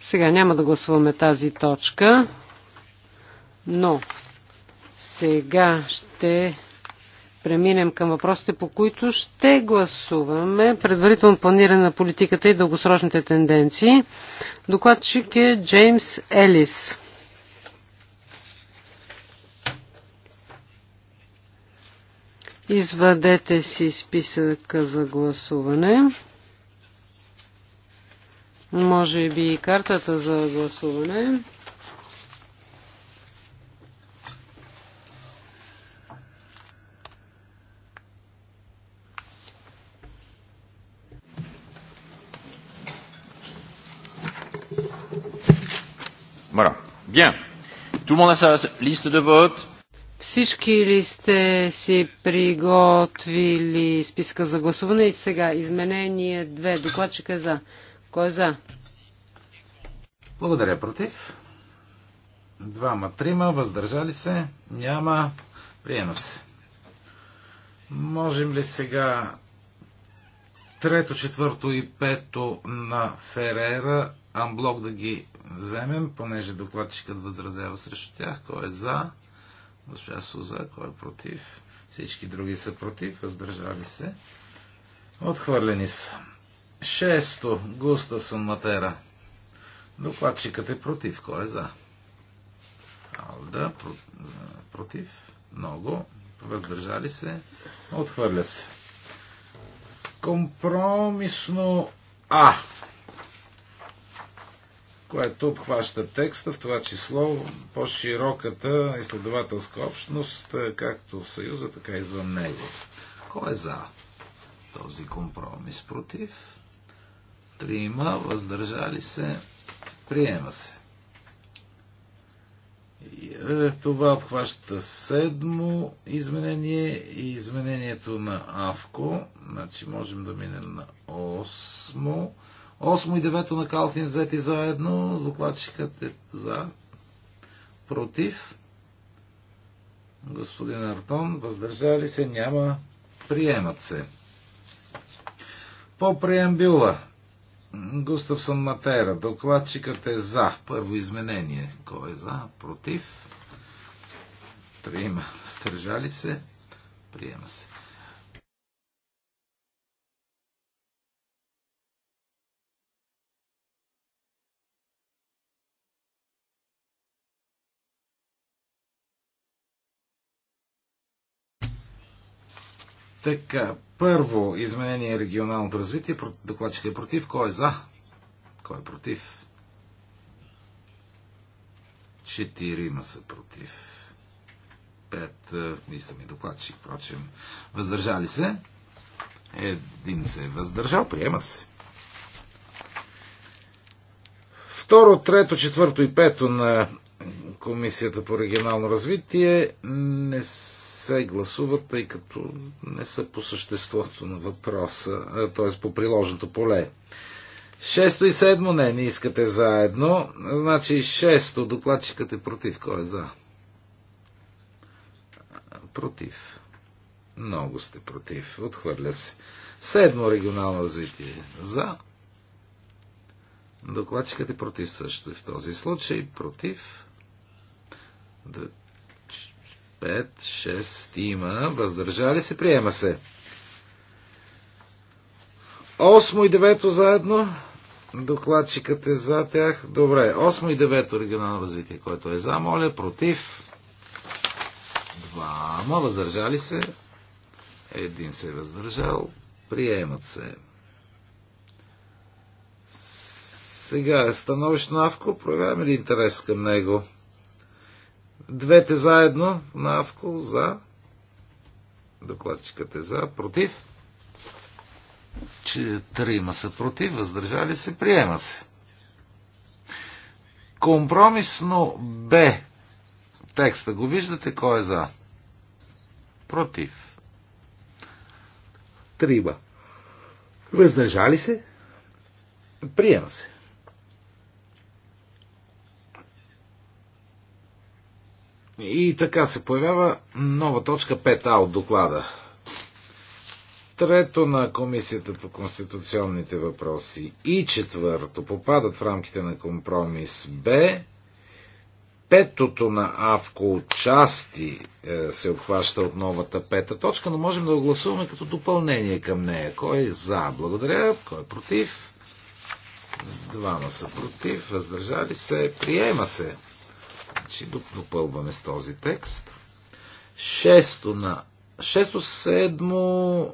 Сега няма да гласуваме тази точка, но сега ще преминем към въпросите, по които ще гласуваме предварително планиране на политиката и дългосрочните тенденции. Докладчик е Джеймс Елис. Извадете си списъка за гласуване. Може би и картата за гласуване. Bien. Tout le monde a sa liste de vote. Всички ли сте си приготвили списка за гласуване и сега изменение две. Докладчик е за. Кой е за? Благодаря. Против? Двама, трима, въздържали се? Няма. Приема се. Можем ли сега трето, четвърто и пето на Ферера амблок да ги вземем, понеже докладчикът възразява срещу тях. Кой е за? Госпожа Суза, кой е против? Всички други са против, въздържали се. Отхвърлени са. Шесто. Густавсон Матера. Докладчикът е против. Кой е за? Алда. Про... Против. Много. Въздържали се. Отхвърля се. Компромисно А което обхваща текста, в това число по-широката изследователска общност, е, както в Съюза, така и извън него. Кой е за този компромис? Против? Трима, въздържали се, приема се. Е, това обхваща седмо изменение и изменението на АВКО. Значи можем да минем на осмо. 8 и 9 на Калфин взети заедно. Докладчикът е за. Против. Господин Артон, въздържали се няма. Приемат се. По преембюла. Густавсон Матера. Докладчикът е за. Първо изменение. Кой е за? Против. Трима. Стържали се. Приема се. Така, първо изменение регионалното развитие. Докладчик е против. Кой е за? Кой е против? Четирима са против. Пет, е, и са ми докладчик, впрочем. Въздържали се? Един се е въздържал, приема се. Второ, трето, четвърто и пето на Комисията по регионално развитие не са се гласуват, тъй като не са по съществото на въпроса, т.е. по приложното поле. Шесто и седмо не, не искате заедно. Значи шесто, докладчикът е против. Кой е за? Против. Много сте против. Отхвърля се. Седмо регионално развитие. За. Докладчикът е против също. И в този случай против. 5, 6 има. Въздържали се, приема се. 8 и 9 заедно. Докладчикът е за тях. Добре, 8 и 9 оригинално развитие, който е за, моля, против. 2, въздържали се. Един се е въздържал. Приемат се. Сега е становищ на Авко. Проявяваме ли интерес към него? Двете заедно на Авко за. Докладчикът е за. Против. Че трима са против, въздържали се, приема се. Компромисно Б. Текста го виждате, кой е за? Против. Трима. Въздържали се? Приема се. И така се появява нова точка 5а от доклада. Трето на Комисията по конституционните въпроси и четвърто попадат в рамките на компромис Б. Петото на АВКО части е, се обхваща от новата пета точка, но можем да го гласуваме като допълнение към нея. Кой е за? Благодаря. Кой е против? Двама са против. Въздържали се. Приема се. Значи допълваме с този текст. Шесто на... Шесто, седмо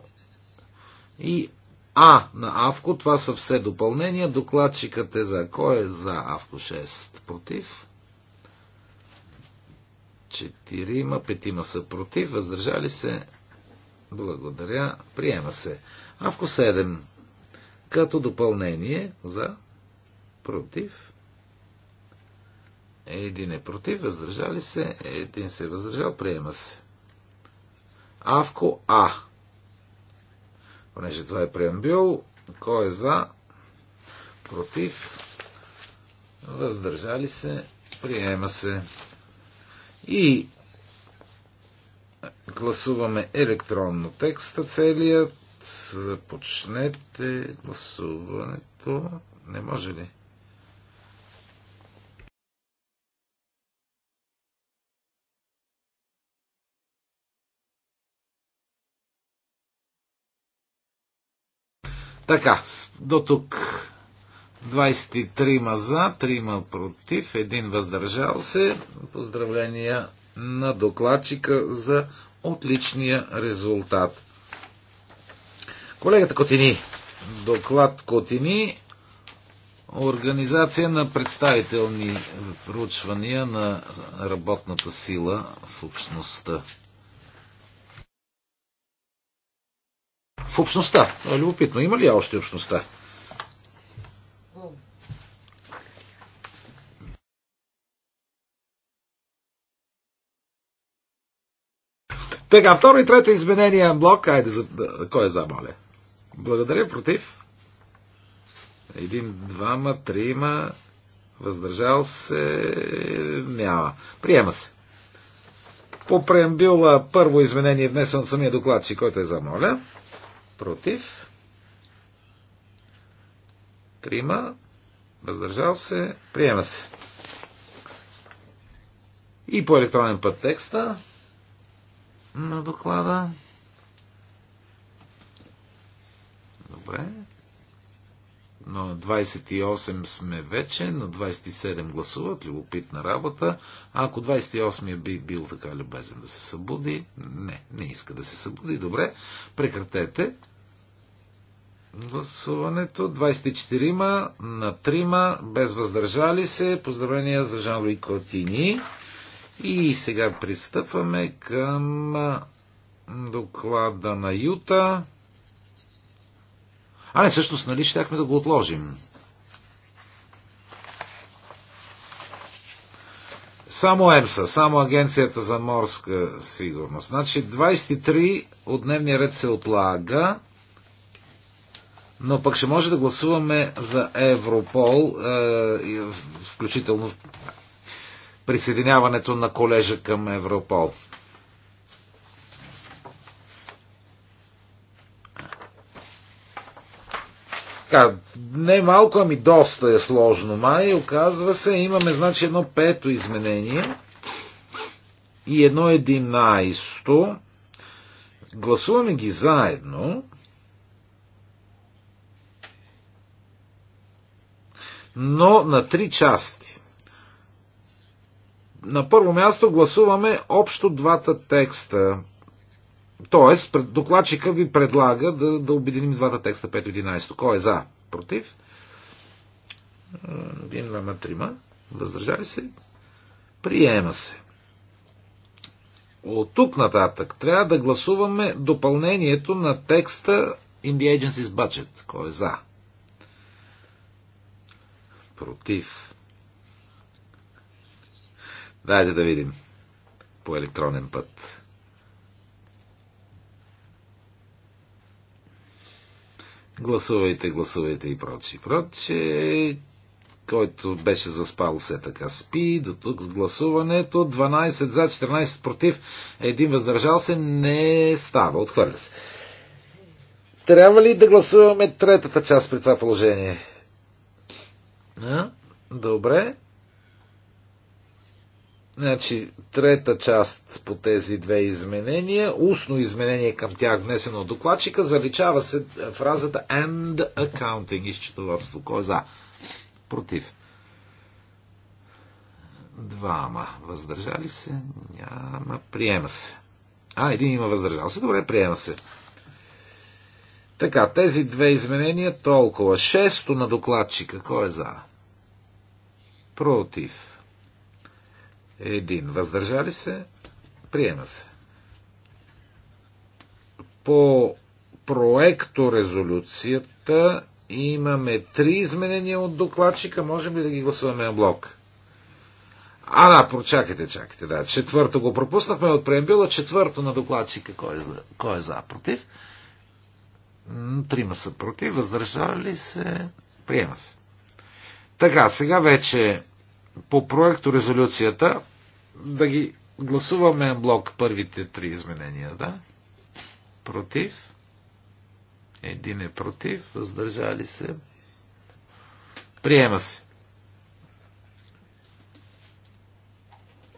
и А на Авко. Това са все допълнения. Докладчикът е за кой е за Авко 6? Против? Четирима, петима са против. Въздържали се? Благодаря. Приема се. Авко 7 като допълнение за против един е против, въздържали се. Един се е въздържал, приема се. Авко А. Понеже това е преамбюл, кой е за? Против. Въздържали се. Приема се. И гласуваме електронно текста целият. Започнете гласуването. Не може ли? Така, до тук 23 за, 3 против, 1 въздържал се. Поздравления на докладчика за отличния резултат. Колегата Котини. Доклад Котини. Организация на представителни вручвания на работната сила в общността. В общността. Е, любопитно. Има ли още общността? Така, второ и трето изменение блок. Айде, за... кой е за, моля? Благодаря, против. Един, двама, трима, въздържал се, няма. Приема се. По преамбюла първо изменение внесен от самия докладчик, който е за, моля против, трима, въздържал се, приема се. И по електронен път текста на доклада. Добре. На 28 сме вече, на 27 гласуват, любопитна работа. А ако 28 е би бил така любезен да се събуди, не, не иска да се събуди, добре, прекратете гласуването. 24 на 3 без въздържали се. Поздравления за Жан-Луи Котини. И сега пристъпваме към доклада на Юта. А не, всъщност, нали, щяхме да го отложим. Само ЕМСА, само Агенцията за морска сигурност. Значи 23 от дневния ред се отлага, но пък ще може да гласуваме за Европол, е, включително присъединяването на колежа към Европол. така, не малко, ами доста е сложно. Май, оказва се, имаме, значи, едно пето изменение и едно единайсто. Гласуваме ги заедно. Но на три части. На първо място гласуваме общо двата текста Тоест, докладчика ви предлага да, да обединим двата текста 5-11. Кой е за? Против? Е, един, двама, трима. Въздържали се? Приема се. От тук нататък трябва да гласуваме допълнението на текста In the Agency's Budget. Кой е за? Против. Дайте да видим по електронен път. гласувайте, гласувайте и прочи. Проче, който беше заспал се така спи, до тук с гласуването, 12 за, 14 против, един въздържал се, не става, отхвърля се. Трябва ли да гласуваме третата част при това положение? А? Добре. Значи, трета част по тези две изменения, устно изменение към тях, внесено от докладчика, заличава се фразата and accounting, изчетоводство. Кой е за? Против. Двама. Въздържали се? Няма. Приема се. А, един има въздържал се. Добре, приема се. Така, тези две изменения толкова. Шесто на докладчика. Кой е за? Против един. Въздържали се? Приема се. По проекто резолюцията имаме три изменения от докладчика. Можем ли да ги гласуваме на блок? А, да, прочакайте, чакайте, да. Четвърто го пропуснахме от преембила, четвърто на докладчика, кой, е, кой е за, против. Трима са против, въздържали се, приема се. Така, сега вече по проекто резолюцията да ги гласуваме блок първите три изменения, да? Против. Един е против. Въздържали се. Приема се.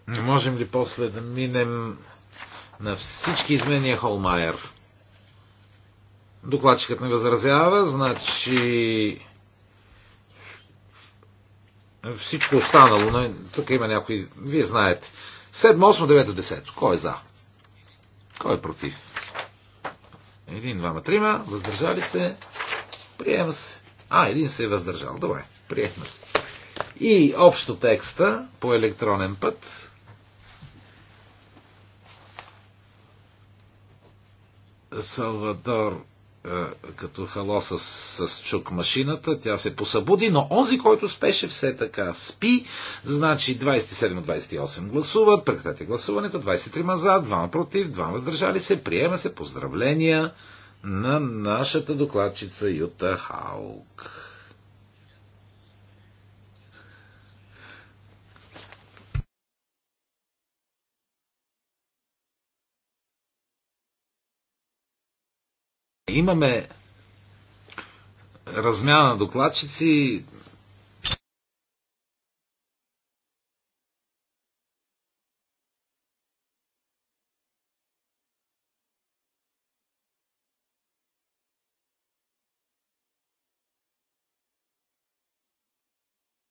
Не можем ли после да минем на всички изменения Холмайер? Докладчикът не възразява, значи всичко останало, но тук има някои, вие знаете. 7, 8, 9, 10. Кой е за? Кой е против? Един, двама, трима. Въздържали се. Приема се. А, един се е въздържал. Добре. Приема се. И общо текста по електронен път. Салвадор е, като хало с, с чук машината, тя се посъбуди, но онзи, който спеше, все така спи. Значи 27-28 гласуват, прекратете гласуването, 23 ма за, 2 против, 2 въздържали се, приема се поздравления на нашата докладчица Юта Хаук. имаме размяна на докладчици,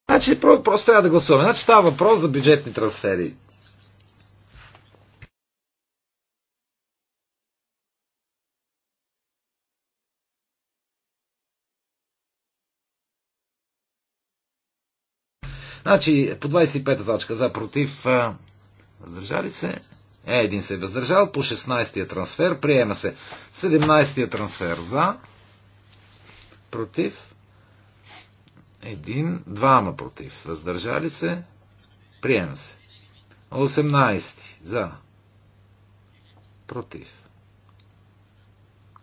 Значи просто трябва да гласуваме. Значи става въпрос за бюджетни трансфери. Значи, по 25-та точка за против. Въздържали се? Е, един се е въздържал. По 16-тия трансфер приема се. 17-тия трансфер за. Против. Един. Двама против. Въздържали се? Приема се. 18-ти за. Против.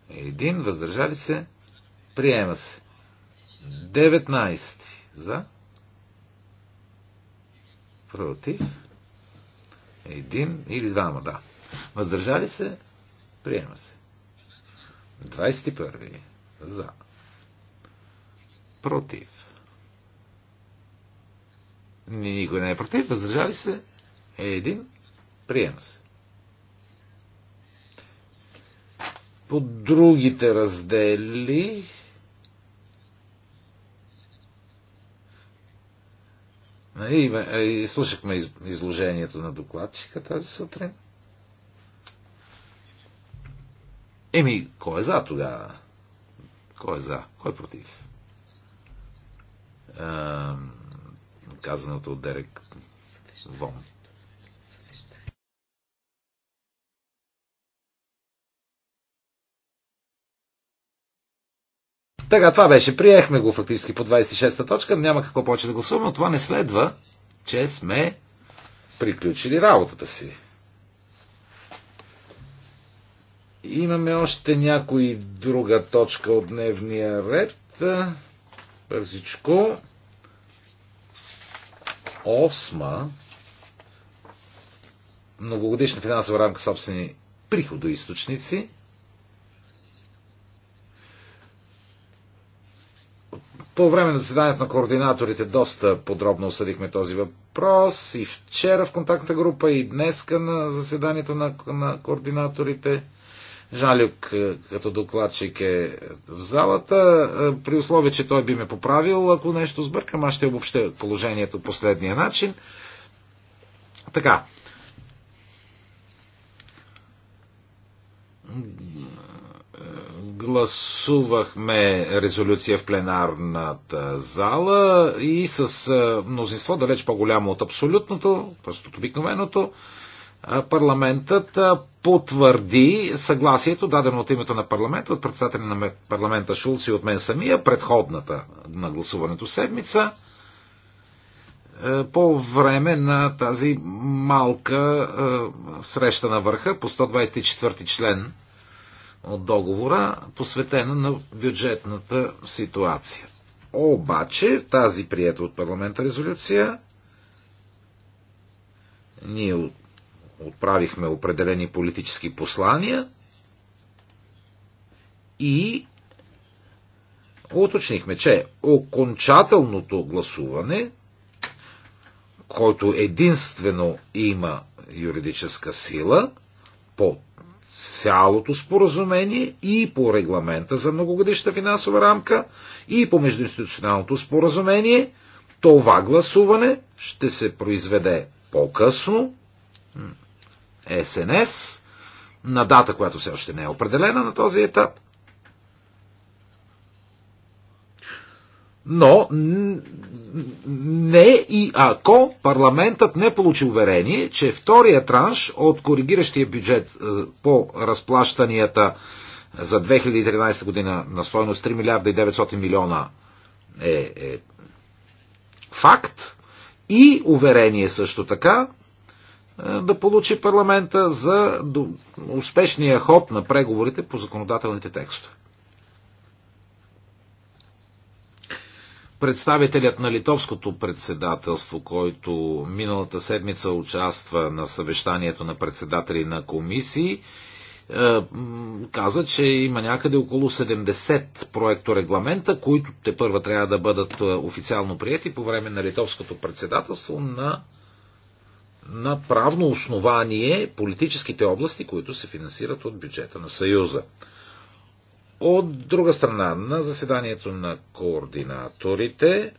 Един. Въздържали се? Приема се. 19 за против, един или двама, да. Въздържали се, приема се. 21. За. Против. Никой не е против. Въздържали се. един. Приема се. По другите раздели И, нали, и е, слушахме из, изложението на докладчика тази сутрин. Еми, кой е за тогава? Кой е за? Кой е против? Е, казаното от Дерек Вон. Така, това беше. Приехме го фактически по 26-та точка. Няма какво повече да гласуваме, но това не следва, че сме приключили работата си. Имаме още някои друга точка от дневния ред. Бързичко. Осма. Многогодишна финансова рамка собствени приходоисточници. По време на заседанието на координаторите доста подробно осъдихме този въпрос и вчера в контактната група и днеска на заседанието на, на координаторите. Жалюк е, като докладчик е в залата, е, при условие, че той би ме поправил, ако нещо сбъркам, аз ще обобщя положението последния начин. Така гласувахме резолюция в пленарната зала и с мнозинство далеч по-голямо от абсолютното, т.е. от обикновеното, парламентът потвърди съгласието, дадено от името на парламента, от председателя на парламента Шулц и от мен самия, предходната на гласуването седмица, по време на тази малка среща на върха по 124 член договора, посветена на бюджетната ситуация. Обаче, в тази приета от парламента резолюция, ние отправихме определени политически послания и уточнихме, че окончателното гласуване, който единствено има юридическа сила по цялото споразумение и по регламента за многогодишна финансова рамка и по междуинституционалното споразумение. Това гласуване ще се произведе по-късно, СНС, на дата, която все още не е определена на този етап, но не и ако парламентът не получи уверение, че втория транш от коригиращия бюджет е, по разплащанията е, за 2013 година на стоеност 3 милиарда и 900 милиона е, е факт и уверение също така е, да получи парламента за успешния ход на преговорите по законодателните текстове. Представителят на литовското председателство, който миналата седмица участва на съвещанието на председатели на комисии, е, каза, че има някъде около 70 проекто регламента, които те първа трябва да бъдат е, официално прияти по време на литовското председателство на, на правно основание политическите области, които се финансират от бюджета на Съюза. От друга страна, на заседанието на координаторите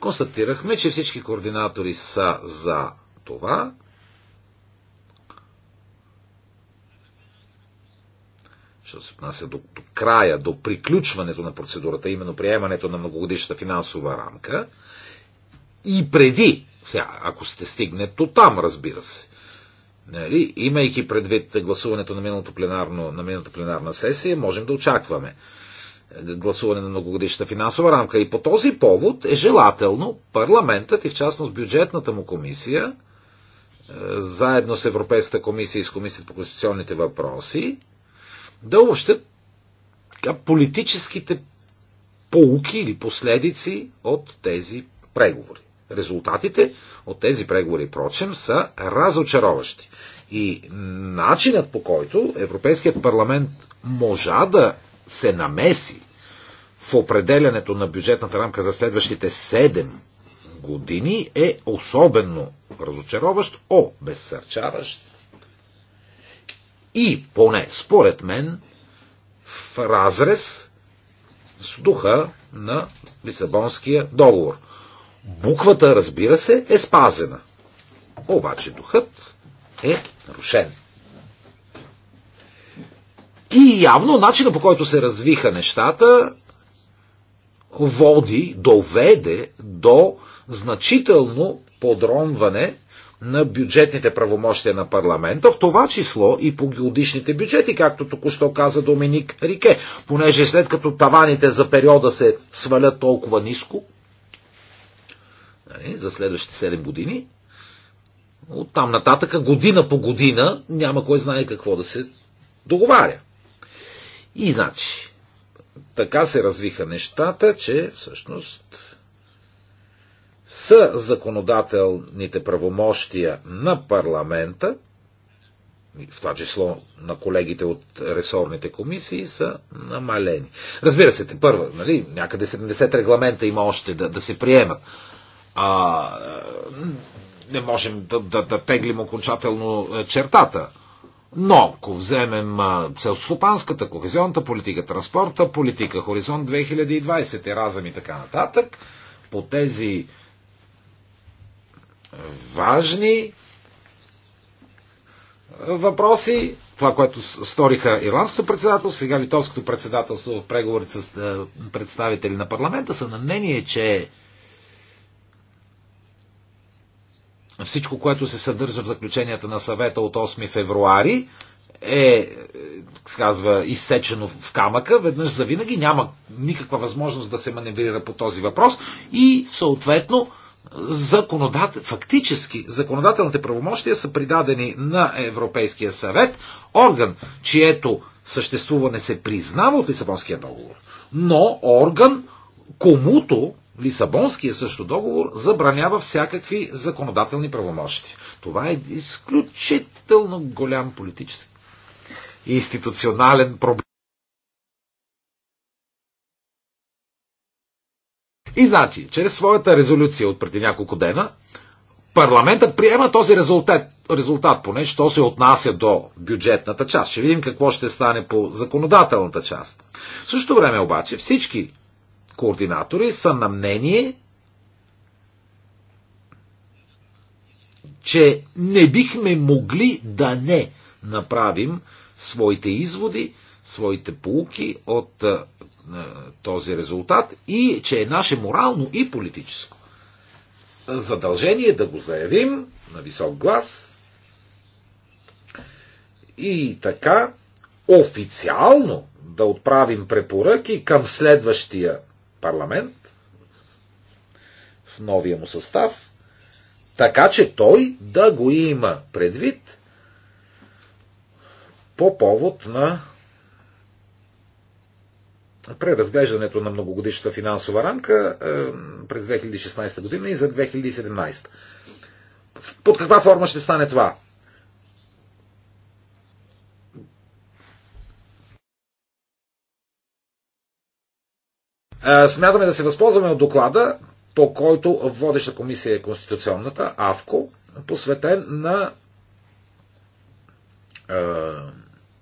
констатирахме, че всички координатори са за това. Що се отнася до, до края, до приключването на процедурата, именно приемането на многогодишната финансова рамка и преди, сега, ако сте стигне то там, разбира се, Нали? Имайки предвид гласуването на, миналото пленарно, на миналата пленарна сесия, можем да очакваме е, гласуване на многогодишната финансова рамка. И по този повод е желателно парламентът и в частност бюджетната му комисия, е, заедно с Европейската комисия и с Комисията по конституционните въпроси, да общат политическите полуки или последици от тези преговори. Резултатите от тези преговори, прочем, са разочароващи. И начинът по който Европейският парламент можа да се намеси в определянето на бюджетната рамка за следващите 7 години е особено разочароващ, обезсърчаващ и поне според мен в разрез с духа на Лисабонския договор – Буквата, разбира се, е спазена. Обаче духът е нарушен. И явно начина по който се развиха нещата води, доведе до значително подронване на бюджетните правомощия на парламента, в това число и по геодичните бюджети, както току-що каза Доминик Рике, понеже след като таваните за периода се свалят толкова ниско, нали, за следващите 7 години. От там нататъка, година по година, няма кой знае какво да се договаря. И значи, така се развиха нещата, че всъщност с законодателните правомощия на парламента, в това число на колегите от ресорните комисии, са намалени. Разбира се, те първа, нали, някъде 70 регламента има още да, да се приемат а, не можем да, да, да теглим окончателно е, чертата. Но, ако вземем целостопанската, е, кохезионната политика, транспорта, политика, хоризонт 2020, еразъм и така нататък, по тези е, важни въпроси, това, което сториха ирландското председателство, сега литовското председателство в преговори с представители на парламента, са на мнение, че всичко, което се съдържа в заключенията на съвета от 8 февруари, е, е казва, изсечено в камъка, веднъж за винаги няма никаква възможност да се маневрира по този въпрос и съответно законодат... фактически законодателните правомощия са придадени на Европейския съвет, орган, чието съществуване се признава от Лисабонския договор, но орган, комуто Лисабонския също договор забранява всякакви законодателни правомощи. Това е изключително голям политически и институционален проблем. И значи, чрез своята резолюция от преди няколко дена, парламентът приема този резултат, резултат поне, що се отнася до бюджетната част. Ще видим какво ще стане по законодателната част. В същото време обаче всички координатори са на мнение, че не бихме могли да не направим своите изводи, своите полуки от този резултат и че е наше морално и политическо задължение да го заявим на висок глас и така официално да отправим препоръки към следващия парламент в новия му състав, така че той да го има предвид по повод на преразглеждането на многогодишната финансова рамка е, през 2016 година и за 2017. Под каква форма ще стане това? Е, смятаме да се възползваме от доклада, по който водеща комисия е Конституционната, АВКО, посветен на е,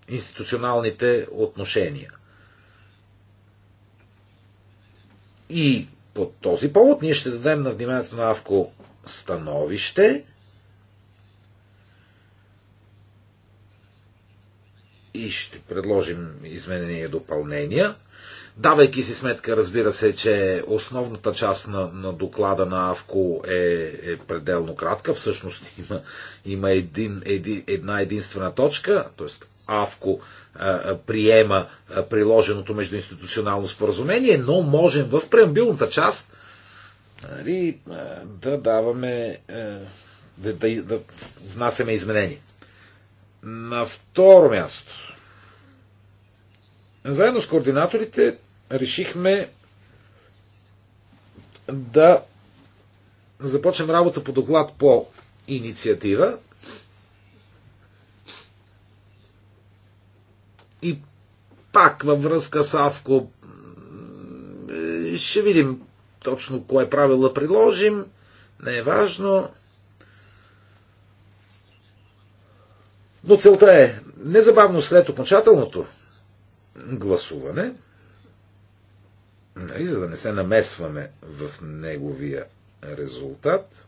институционалните отношения. И по този повод ние ще дадем на вниманието на АВКО становище и ще предложим изменения и допълнения – давайки си сметка, разбира се, че основната част на, на доклада на АВКО е, е пределно кратка, всъщност има, има един, еди, една единствена точка, т.е. АВКО а, е, е, приема а, е, приложеното междуинституционално споразумение, но можем в преамбилната част нали, да даваме, да, да, да внасяме изменения. На второ място, заедно с координаторите решихме да започнем работа по доклад по инициатива и пак във връзка с Авко ще видим точно кое правило да приложим. Не е важно. Но целта е незабавно след окончателното гласуване, нали, за да не се намесваме в неговия резултат.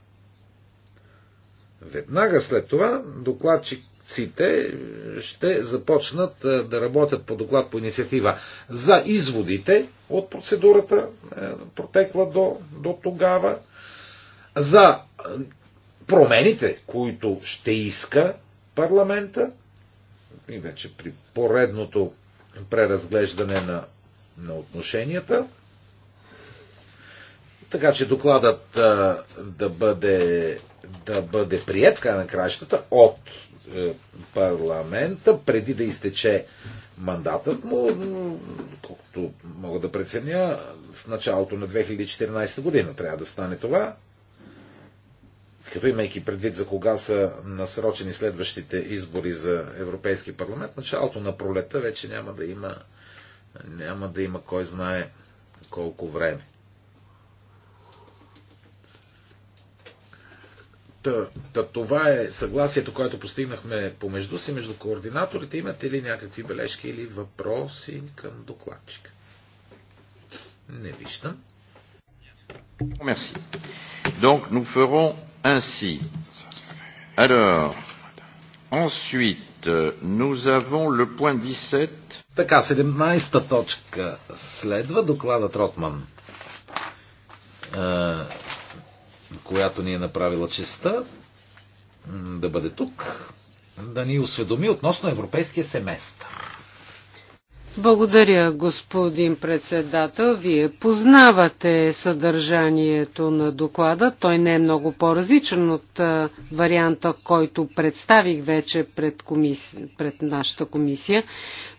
Веднага след това докладчиците ще започнат е, да работят по доклад по инициатива за изводите от процедурата, е, протекла до, до тогава, за е, промените, които ще иска парламента и вече при поредното преразглеждане на, на отношенията. Така че докладът а, да, бъде, да бъде прият, край на кращата, от е, парламента, преди да изтече мандатът му, колкото мога да преценя, в началото на 2014 година трябва да стане това като имайки предвид за кога са насрочени следващите избори за Европейски парламент, началото на пролета вече няма да има, няма да има кой знае колко време. Та, та, това е съгласието, което постигнахме помежду си, между координаторите. Имате ли някакви бележки или въпроси към докладчика? Не виждам. Merci. Donc, nous ferons ainsi. Alors, ensuite, nous avons le point 17. Така, 17-та точка следва доклада Тротман, която ни е направила честа да бъде тук, да ни осведоми относно европейския семестър. Благодаря, господин председател. Вие познавате съдържанието на доклада. Той не е много по-различен от варианта, който представих вече пред, комис... пред нашата комисия.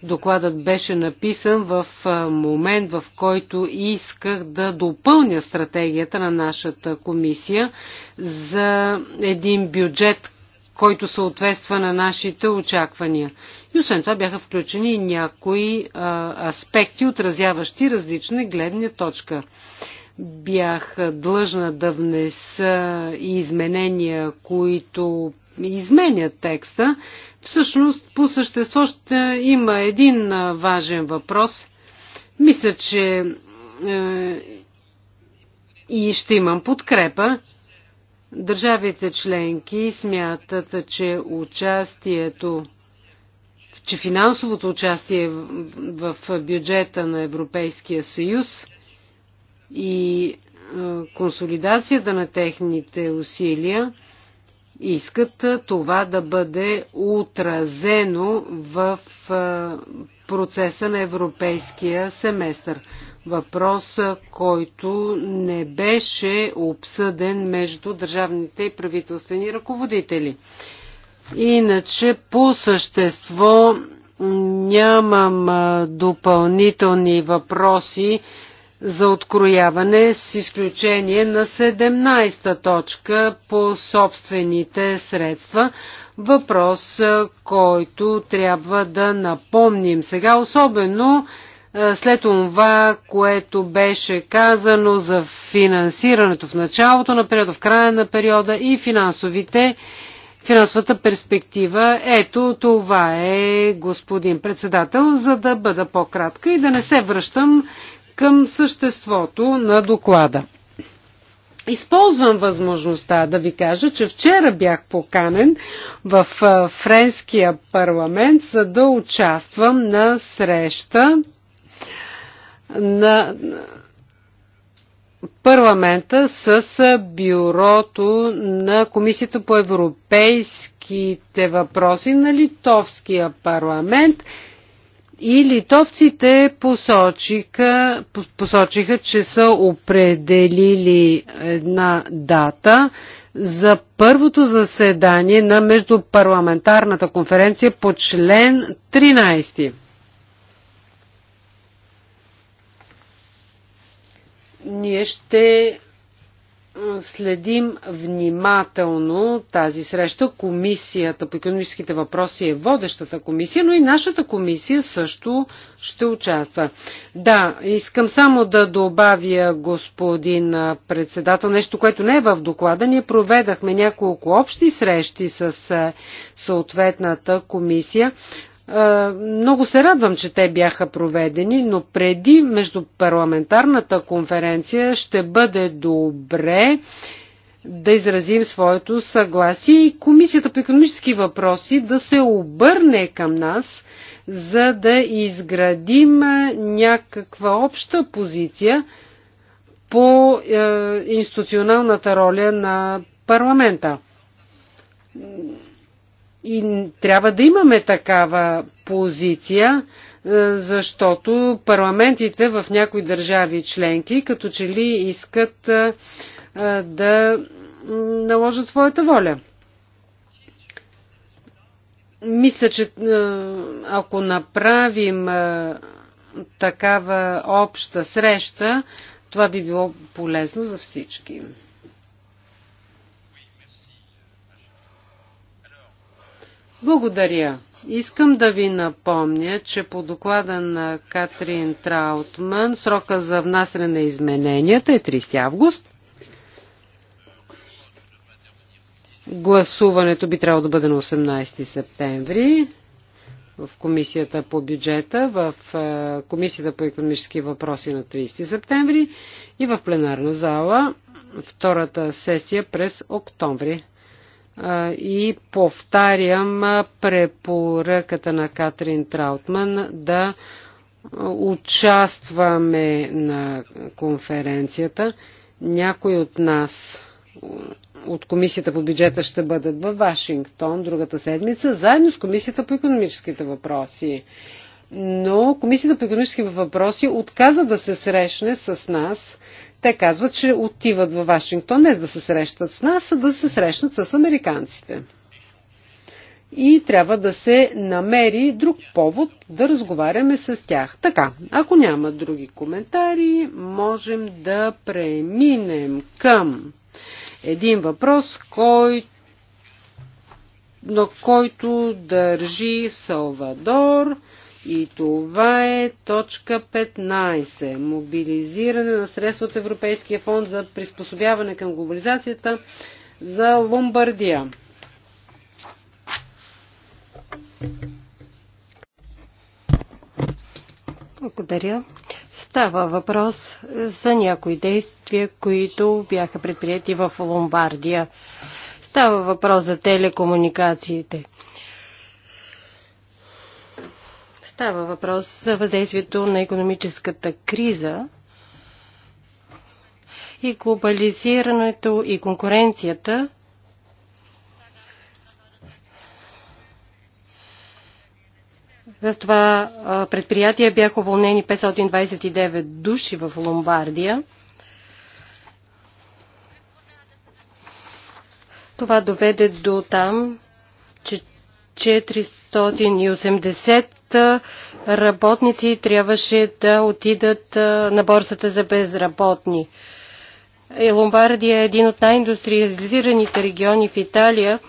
Докладът беше написан в момент, в който исках да допълня стратегията на нашата комисия за един бюджет, който съответства на нашите очаквания. И освен това бяха включени и някои а, аспекти, отразяващи различни гледни точка. Бях длъжна да внеса изменения, които изменят текста. Всъщност, по същество ще има един важен въпрос. Мисля, че е, и ще имам подкрепа. Държавите членки смятат, че участието че финансовото участие в бюджета на Европейския съюз и консолидацията на техните усилия искат това да бъде отразено в процеса на европейския семестър. Въпрос, който не беше обсъден между държавните и правителствени ръководители. Иначе по същество нямам допълнителни въпроси за открояване с изключение на 17-та точка по собствените средства. Въпрос, който трябва да напомним сега, особено след това, което беше казано за финансирането в началото на периода, в края на периода и финансовите финансовата перспектива. Ето това е, господин председател, за да бъда по-кратка и да не се връщам към съществото на доклада. Използвам възможността да ви кажа, че вчера бях поканен в Френския парламент, за да участвам на среща на парламента с бюрото на Комисията по европейските въпроси на литовския парламент и литовците посочиха, посочиха, че са определили една дата за първото заседание на Междупарламентарната конференция по член 13. Ние ще следим внимателно тази среща. Комисията по економическите въпроси е водещата комисия, но и нашата комисия също ще участва. Да, искам само да добавя, господин председател, нещо, което не е в доклада. Ние проведахме няколко общи срещи с съответната комисия. Е, много се радвам, че те бяха проведени, но преди междупарламентарната конференция ще бъде добре да изразим своето съгласие и Комисията по економически въпроси да се обърне към нас, за да изградим някаква обща позиция по е, институционалната роля на парламента. И трябва да имаме такава позиция, е, защото парламентите в някои държави членки като че ли искат е, е, да наложат своята воля. Мисля, че ако направим такава обща среща, това би било полезно за всички. Благодаря. Искам да ви напомня, че по доклада на Катрин Траутман срока за внасяне на измененията е 30 август. Гласуването би трябвало да бъде на 18 септември в комисията по бюджета, в е, комисията по економически въпроси на 30 септември и в пленарна зала втората сесия през октомври и повтарям препоръката на Катрин Траутман да участваме на конференцията. Някой от нас от Комисията по бюджета ще бъдат във Вашингтон другата седмица, заедно с Комисията по економическите въпроси. Но Комисията по економическите въпроси отказа да се срещне с нас, те казват, че отиват във Вашингтон не за да се срещат с нас, а да се срещнат с американците. И трябва да се намери друг повод да разговаряме с тях. Така, ако няма други коментари, можем да преминем към един въпрос, кой... на който държи Салвадор. И това е точка 15. Мобилизиране на средства от Европейския фонд за приспособяване към глобализацията за Ломбардия. Благодаря. Става въпрос за някои действия, които бяха предприяти в Ломбардия. Става въпрос за телекомуникациите. Става въпрос за въздействието на економическата криза и глобализирането и конкуренцията В това предприятие бяха уволнени 529 души в Ломбардия. Това доведе до там, че 480 работници трябваше да отидат на борсата за безработни. Е, Ломбардия е един от най-индустриализираните региони в Италия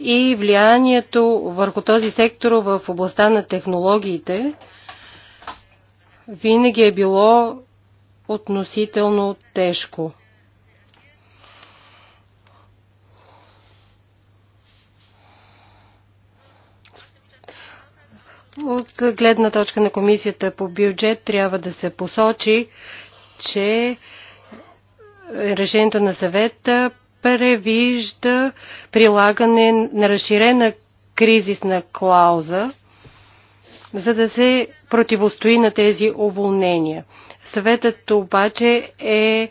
и влиянието върху този сектор в областта на технологиите винаги е било относително тежко. От гледна точка на комисията по бюджет трябва да се посочи, че решението на съвета превижда прилагане на разширена кризисна клауза, за да се противостои на тези уволнения. Съветът обаче е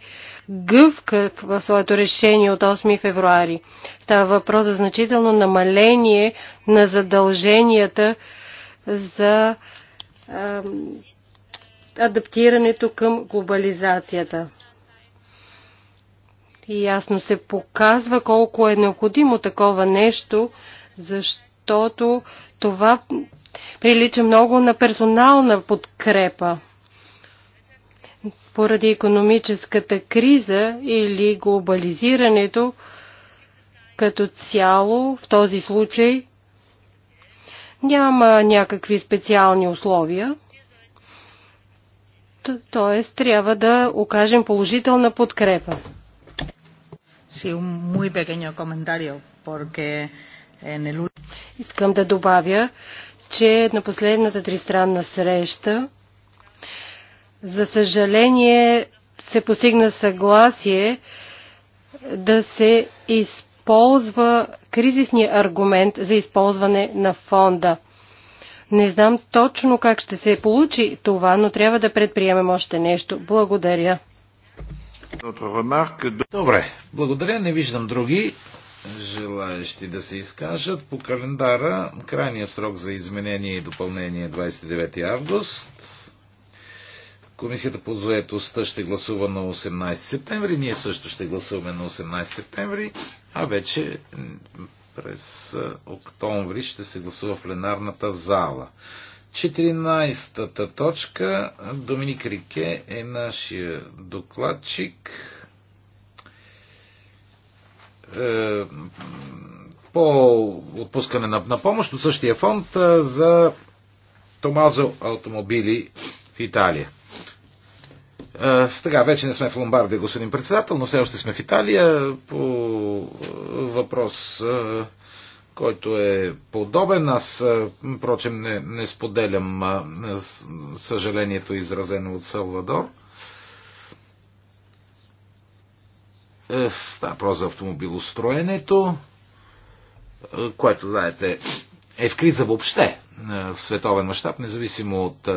гъвка в своето решение от 8 февруари. Става въпрос за значително намаление на задълженията за адаптирането към глобализацията. И ясно се показва колко е необходимо такова нещо, защото това прилича много на персонална подкрепа. Поради економическата криза или глобализирането, като цяло в този случай няма някакви специални условия. Тоест, трябва да окажем положителна подкрепа. Sí, un muy pequeño comentario, porque en el... Искам да добавя, че на последната тристранна среща, за съжаление, се постигна съгласие да се изпълнява използва кризисния аргумент за използване на фонда. Не знам точно как ще се получи това, но трябва да предприемем още нещо. Благодаря. Добре, благодаря. Не виждам други желаящи да се изкажат. По календара крайния срок за изменение и допълнение е 29 август. Комисията по заедостта ще гласува на 18 септември, ние също ще гласуваме на 18 септември, а вече през октомври ще се гласува в пленарната зала. 14-та точка. Доминик Рике е нашия докладчик. Е, по отпускане на, на помощ от същия фонд за Томазо автомобили в Италия. Така, вече не сме в Ломбардия, господин председател, но все още сме в Италия по въпрос, който е подобен. Аз, впрочем, не, не споделям съжалението, изразено от Салвадор. Е, Това въпрос за автомобилостроенето, което, знаете, е в криза въобще в световен мащаб, независимо от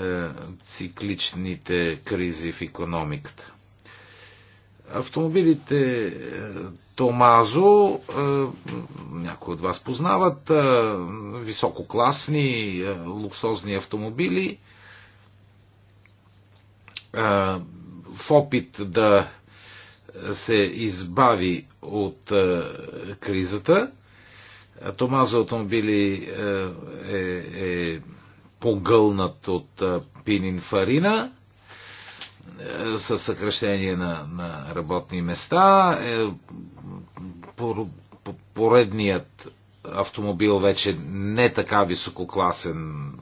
е, цикличните кризи в економиката. Автомобилите е, Томазо, е, някои от вас познават, висококласни, луксозни автомобили, в опит да се избави от кризата. Томазо автомобили е, е погълнат от пининфарина е, със съкръщение на, на работни места. Е, поредният автомобил вече не така висококласен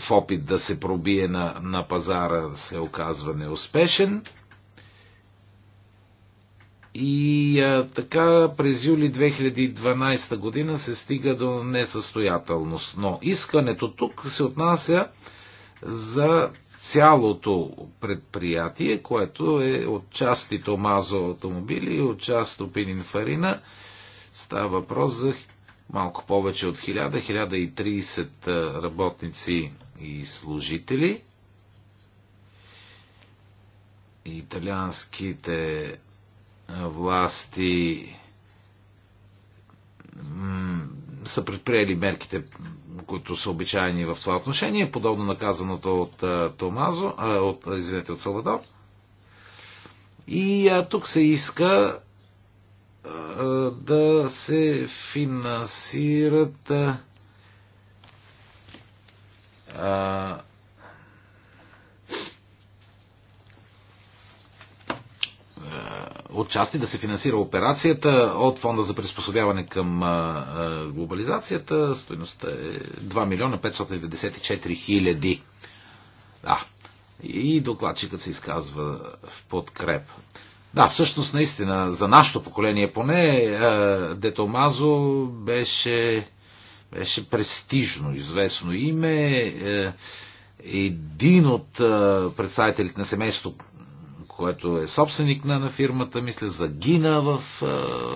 в опит да се пробие на, на пазара се оказва неуспешен. И а, така през юли 2012 година се стига до несъстоятелност. Но искането тук се отнася за цялото предприятие, което е от части Томазо автомобили и от част Пининфарина. Става въпрос за малко повече от 1000-1030 работници и служители. Италианските власти са предприели мерките, които са обичайни в това отношение, подобно наказаното от Томазо, а, от, извинете, от Салвадор. И а, тук се иска а, да се финансират а, отчасти да се финансира операцията от фонда за приспособяване към глобализацията. Стоеността е 2 милиона 594 хиляди. Да. И докладчикът се изказва в подкреп. Да, всъщност наистина за нашето поколение поне Детомазо беше, беше престижно, известно име. Е, един от представителите на семейството който е собственик на, на фирмата, мисля, загина в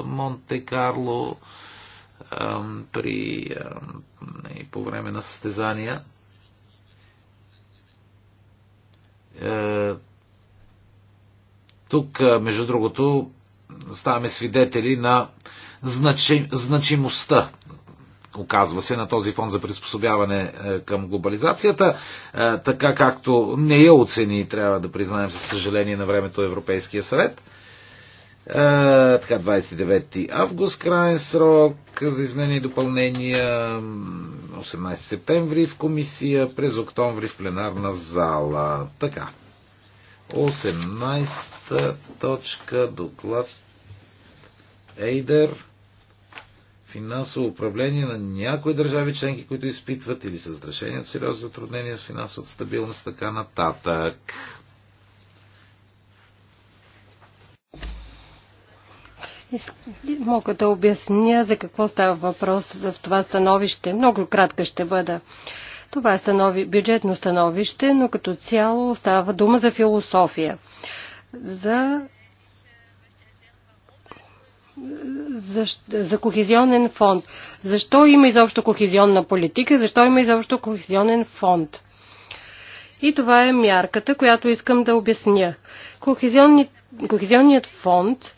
Монте-Карло при, по време на състезания. Е, тук, между другото, ставаме свидетели на значи, значимостта оказва се на този фонд за приспособяване е, към глобализацията, е, така както не я оцени, трябва да признаем със съжаление на времето Европейския съвет. Е, така, 29 август, крайен срок за изменение и допълнения, 18 септември в комисия, през октомври в пленарна зала. Така. 18 точка, доклад Ейдер финансово управление на някои държави членки, които изпитват или са застрашени от сериозни затруднения с финансовата стабилност, така нататък. Мога да обясня за какво става въпрос в това становище. Много кратка ще бъда. Това е станови, бюджетно становище, но като цяло става дума за философия. За за, за кохезионен фонд. Защо има изобщо кохезионна политика? Защо има изобщо кохезионен фонд? И това е мярката, която искам да обясня. Кохезионният фонд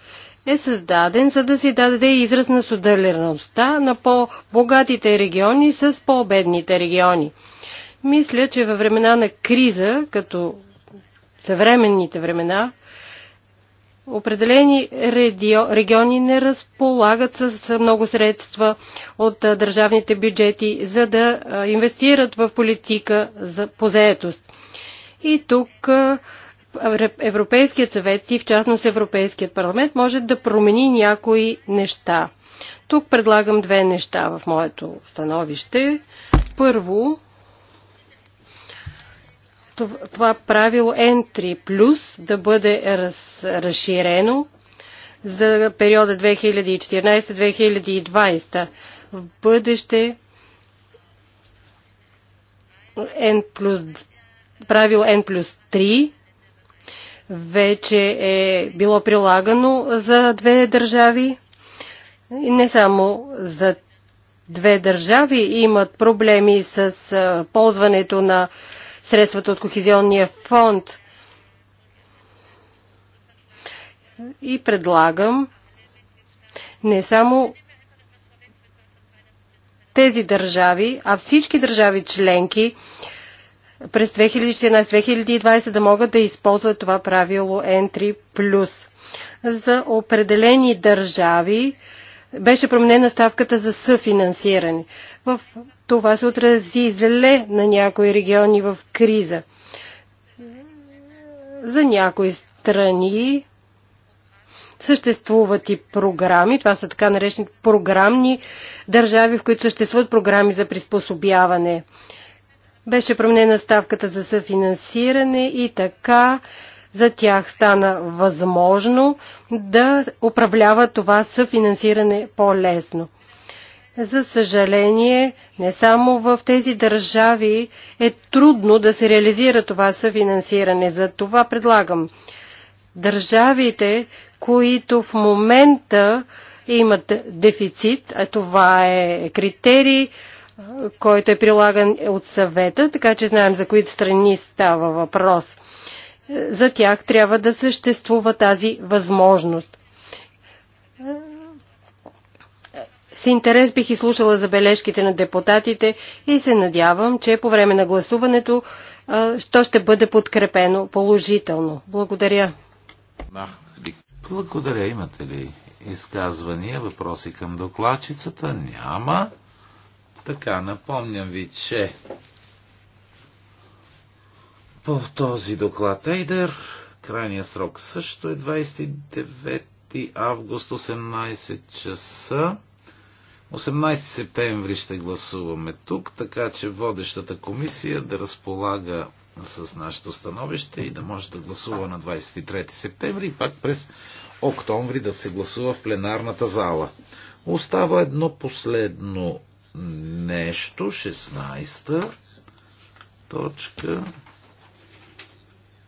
е създаден, за да си даде израз на солидарността на по-богатите региони с по-бедните региони. Мисля, че във времена на криза, като съвременните времена, Определени региони не разполагат с много средства от държавните бюджети, за да инвестират в политика за позаетост. И тук Европейският съвет и в частност Европейският парламент може да промени някои неща. Тук предлагам две неща в моето становище. Първо, това правило N3 плюс да бъде раз, разширено за периода 2014-2020. В бъдеще N плюс, правило N плюс 3 вече е било прилагано за две държави. Не само за две държави имат проблеми с ползването на средствата от Кохизионния фонд. И предлагам не само тези държави, а всички държави членки през 2014-2020 да могат да използват това правило N3+. За определени държави беше променена ставката за съфинансиране. В това се отрази зле на някои региони в криза. За някои страни съществуват и програми, това са така наречени програмни държави, в които съществуват програми за приспособяване. Беше променена ставката за съфинансиране и така за тях стана възможно да управляват това съфинансиране по-лесно. За съжаление, не само в тези държави е трудно да се реализира това съфинансиране. За това предлагам държавите, които в момента имат дефицит, а това е критерий, който е прилаган от съвета, така че знаем за които страни става въпрос. За тях трябва да съществува тази възможност. С интерес бих изслушала забележките на депутатите и се надявам, че по време на гласуването то ще бъде подкрепено положително. Благодаря. Благодаря. Имате ли изказвания, въпроси към докладчицата? Няма. Така, напомням ви, че по този доклад Ейдер крайният срок също е 29 август 18 часа. 18 септември ще гласуваме тук, така че водещата комисия да разполага с нашето становище и да може да гласува на 23 септември и пак през октомври да се гласува в пленарната зала. Остава едно последно нещо, 16-та точка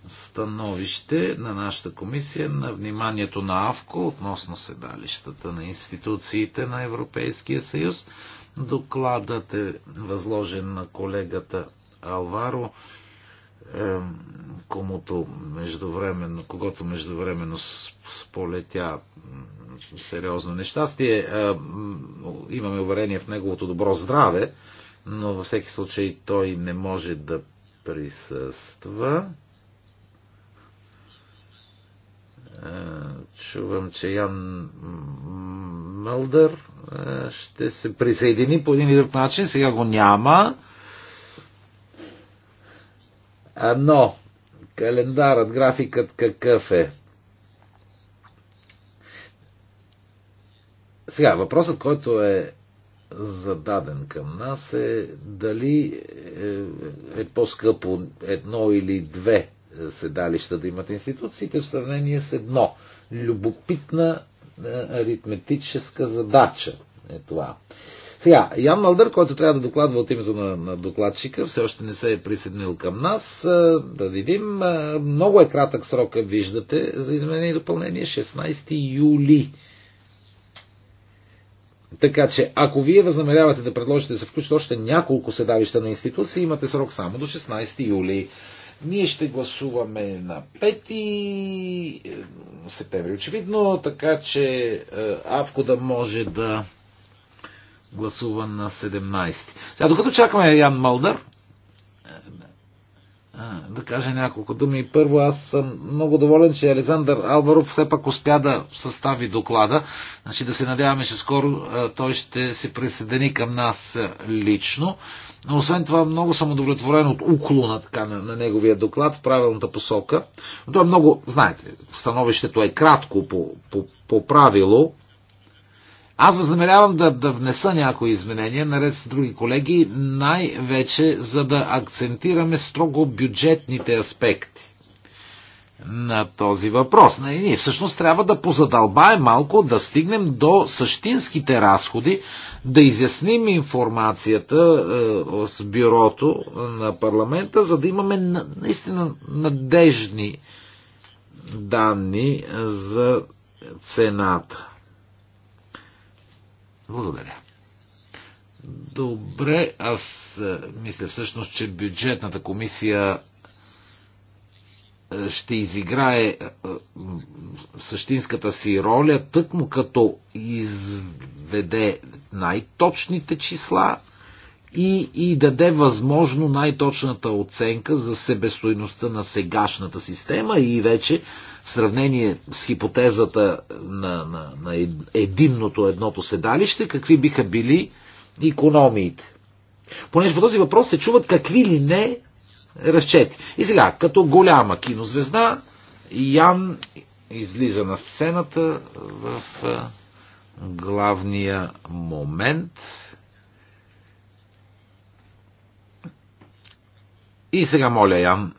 становище на нашата комисия на вниманието на АВКО относно седалищата на институциите на Европейския съюз. Докладът е възложен на колегата Алваро, комуто междувременно, когато междувременно сполетя сериозно нещастие. Имаме уверение в неговото добро здраве, но във всеки случай той не може да присъства. Чувам, че Ян Мълдър ще се присъедини по един или друг начин. Сега го няма. Но календарът, графикът какъв е? Сега, въпросът, който е зададен към нас е дали е, е по-скъпо едно или две седалища да имат институциите в сравнение с едно. Любопитна е, аритметическа задача е това. Сега, Ян Малдър, който трябва да докладва от името на, на докладчика, все още не се е присъединил към нас. Е, да видим, е, много е кратък срока, виждате, за изменение и допълнение 16 юли. Така че, ако вие възнамерявате да предложите да се включат още няколко седалища на институции, имате срок само до 16 юли. Ние ще гласуваме на 5 е, септември, очевидно, така че е, Авко да може да гласува на 17. Сега, докато чакаме Ян Малдър, да кажа няколко думи. Първо, аз съм много доволен, че Александър Алваров все пак успя да състави доклада. Значи да се надяваме, че скоро той ще се присъедини към нас лично. Но освен това, много съм удовлетворен от уклона така, на, на неговия доклад в правилната посока. Но той е много, знаете, становището е кратко по, по, по правило, аз възнамерявам да, да внеса някои изменения, наред с други колеги, най-вече за да акцентираме строго бюджетните аспекти на този въпрос. Не, ние всъщност трябва да позадълбаем малко, да стигнем до същинските разходи, да изясним информацията е, с бюрото на парламента, за да имаме наистина надежни данни за цената. Благодаря. Добре, аз е, мисля всъщност, че бюджетната комисия е, ще изиграе е, същинската си роля, тъкмо като изведе най-точните числа, и, и даде възможно най-точната оценка за себестойността на сегашната система и вече в сравнение с хипотезата на, на, на единното едното седалище, какви биха били економиите. Понеже по този въпрос се чуват какви ли не разчети. И сега, като голяма кинозвезда, Ян излиза на сцената в главния момент И сега моля, Ян,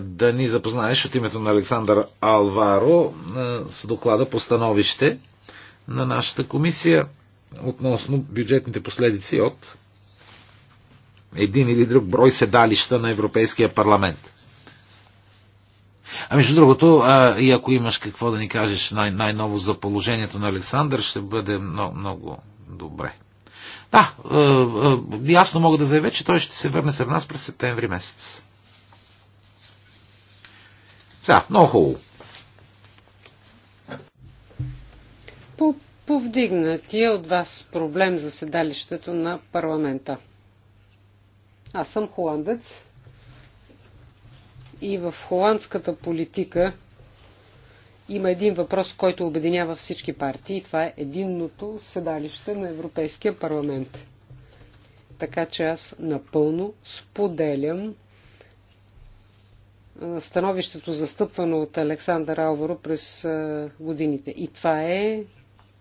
да ни запознаеш от името на Александър Алваро с доклада по становище на нашата комисия относно бюджетните последици от един или друг брой седалища на Европейския парламент. А между другото, а, и ако имаш какво да ни кажеш най- най-ново за положението на Александър, ще бъде много, много добре. Да, е, е, ясно мога да заявя, че той ще се върне с нас през септември месец. Сега, много хубаво. По повдигнатия от вас проблем за седалището на парламента. Аз съм холандец и в холандската политика има един въпрос, който обединява всички партии и това е единното седалище на Европейския парламент. Така че аз напълно споделям становището застъпвано от Александър Алваро през годините. И това е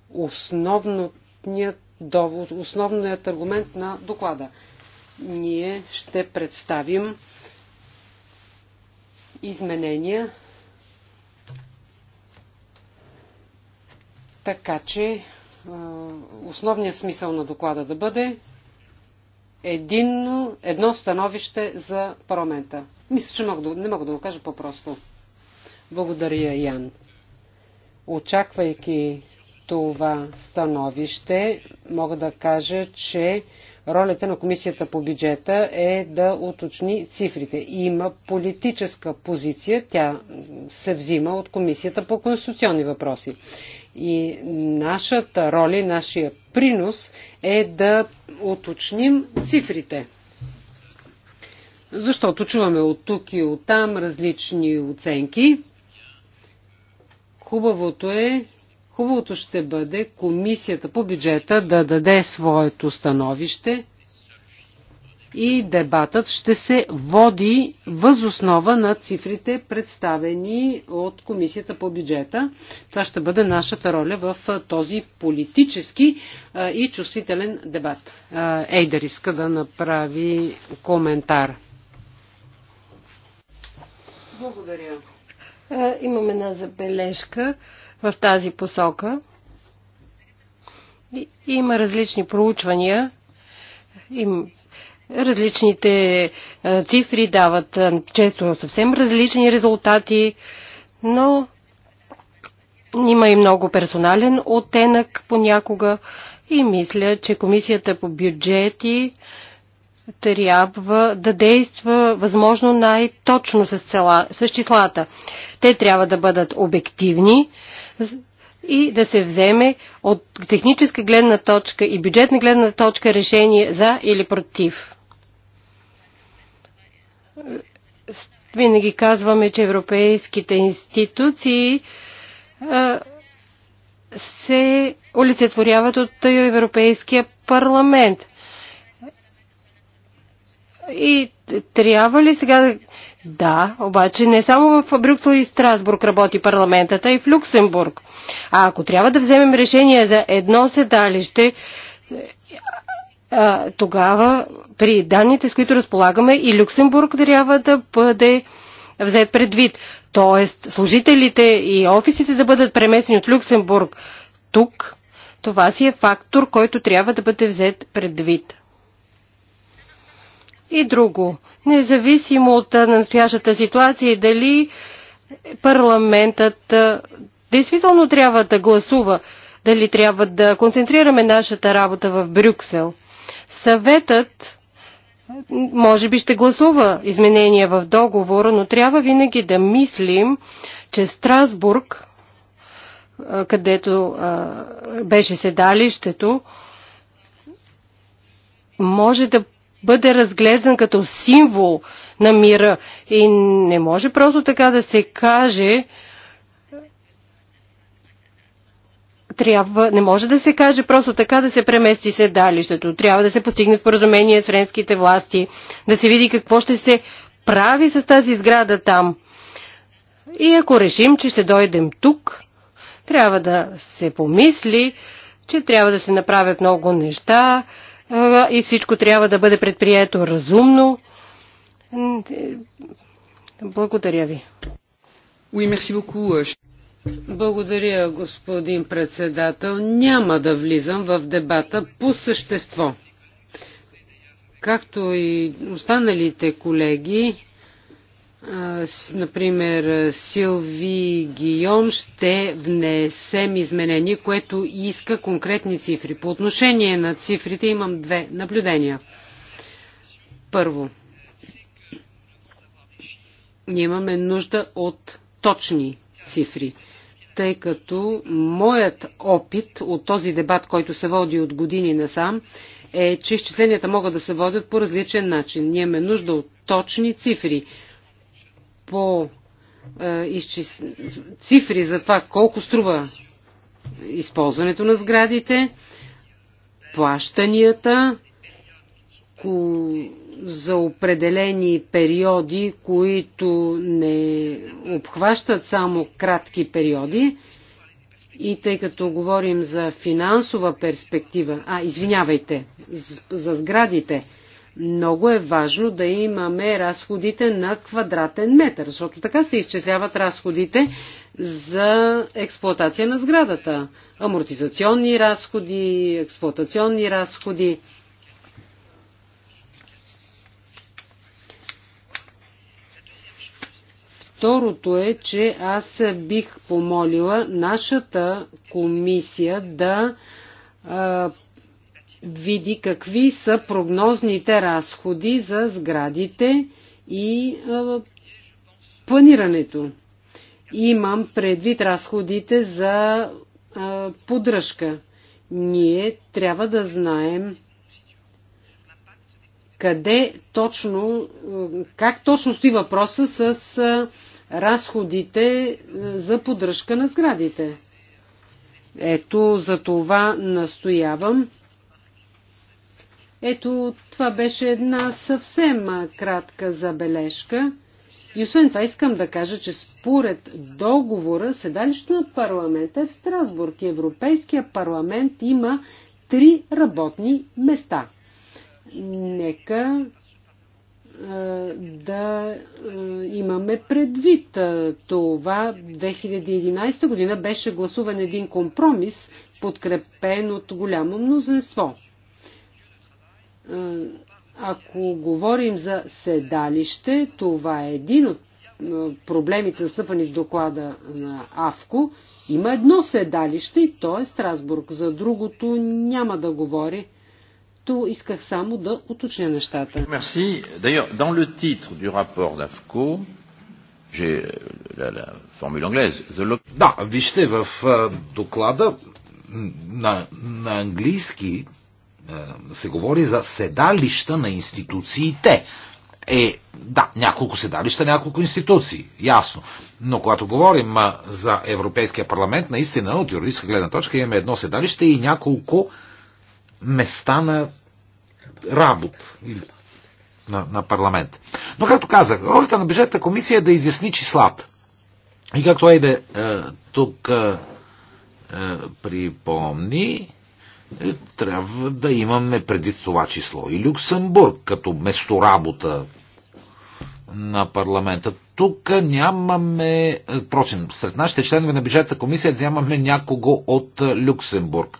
основният, довод, основният аргумент на доклада. Ние ще представим изменения Така че основният смисъл на доклада да бъде единно, едно становище за парламента. Мисля, че мога да, не мога да го кажа по-просто. Благодаря, Ян. Очаквайки това становище, мога да кажа, че ролята на Комисията по бюджета е да уточни цифрите. Има политическа позиция, тя се взима от Комисията по конституционни въпроси. И нашата роля, нашия принос е да уточним цифрите. Защото чуваме от тук и от там различни оценки. Хубавото е, хубавото ще бъде комисията по бюджета да даде своето становище и дебатът ще се води възоснова на цифрите, представени от Комисията по бюджета. Това ще бъде нашата роля в този политически и чувствителен дебат. Ейдер иска да направи коментар. Благодаря. Имаме една забележка в тази посока. Има различни проучвания. Им, Различните е, цифри дават е, често съвсем различни резултати, но има и много персонален оттенък понякога и мисля, че комисията по бюджети трябва да действа възможно най-точно с, цела, с числата. Те трябва да бъдат обективни и да се вземе от техническа гледна точка и бюджетна гледна точка решение за или против. Винаги казваме, че европейските институции се олицетворяват от Европейския парламент. И трябва ли сега да, Да, обаче не само в Брюксел и Страсбург работи а и в Люксембург. А ако трябва да вземем решение за едно седалище, тогава при данните, с които разполагаме, и Люксембург трябва да бъде взет предвид. Тоест, служителите и офисите да бъдат преместени от Люксембург тук, това си е фактор, който трябва да бъде взет предвид. И друго, независимо от настоящата ситуация и дали парламентът действително трябва да гласува, дали трябва да концентрираме нашата работа в Брюксел – Съветът може би ще гласува изменения в договора, но трябва винаги да мислим, че Страсбург, където беше седалището, може да бъде разглеждан като символ на мира и не може просто така да се каже, трябва, не може да се каже просто така да се премести седалището. Трябва да се постигне споразумение с френските власти, да се види какво ще се прави с тази сграда там. И ако решим, че ще дойдем тук, трябва да се помисли, че трябва да се направят много неща и всичко трябва да бъде предприето разумно. Е, благодаря ви. Oui, merci beaucoup. Euh, благодаря, господин председател. Няма да влизам в дебата по същество. Както и останалите колеги, например Силви Гийом, ще внесем изменение, което иска конкретни цифри. По отношение на цифрите имам две наблюдения. Първо, имаме нужда от точни цифри тъй като моят опит от този дебат, който се води от години насам, е, че изчисленията могат да се водят по различен начин. Ние имаме нужда от точни цифри. По е, изчис... цифри за това колко струва използването на сградите, плащанията, ко за определени периоди, които не обхващат само кратки периоди. И тъй като говорим за финансова перспектива, а извинявайте, за сградите, много е важно да имаме разходите на квадратен метър, защото така се изчисляват разходите за експлоатация на сградата. Амортизационни разходи, експлоатационни разходи. Второто е, че аз бих помолила нашата комисия да а, види какви са прогнозните разходи за сградите и а, планирането. Имам предвид разходите за а, поддръжка. Ние трябва да знаем къде точно, как точно стои въпроса с разходите е, за поддръжка на сградите. Ето за това настоявам. Ето това беше една съвсем кратка забележка. И освен това искам да кажа, че според договора седалището на парламента е в Страсбург и Европейския парламент има три работни места. Нека да е, имаме предвид е, това. 2011 година беше гласуван един компромис, подкрепен от голямо мнозинство. Е, ако говорим за седалище, това е един от проблемите, застъпани в доклада на АВКО. Има едно седалище и то е Страсбург. За другото няма да говори. То исках само да уточня нещата. Мерси. D'ailleurs, dans le titre du rapport d'AFCO, j'ai la, la formule anglaise. The... Да, вижте, в доклада на, на английски се говори за седалища на институциите. Е, да, няколко седалища, няколко институции, ясно. Но когато говорим за Европейския парламент, наистина от юридическа гледна точка имаме едно седалище и няколко места на работ на, на парламент. Но, както казах, ролята на бюджетната комисия е да изясни числата. И както Айде е, тук е, е, припомни, трябва да имаме преди това число. И Люксембург като место работа на парламента. Тук нямаме, впрочем, сред нашите членове на бюджетната комисия нямаме някого от Люксембург.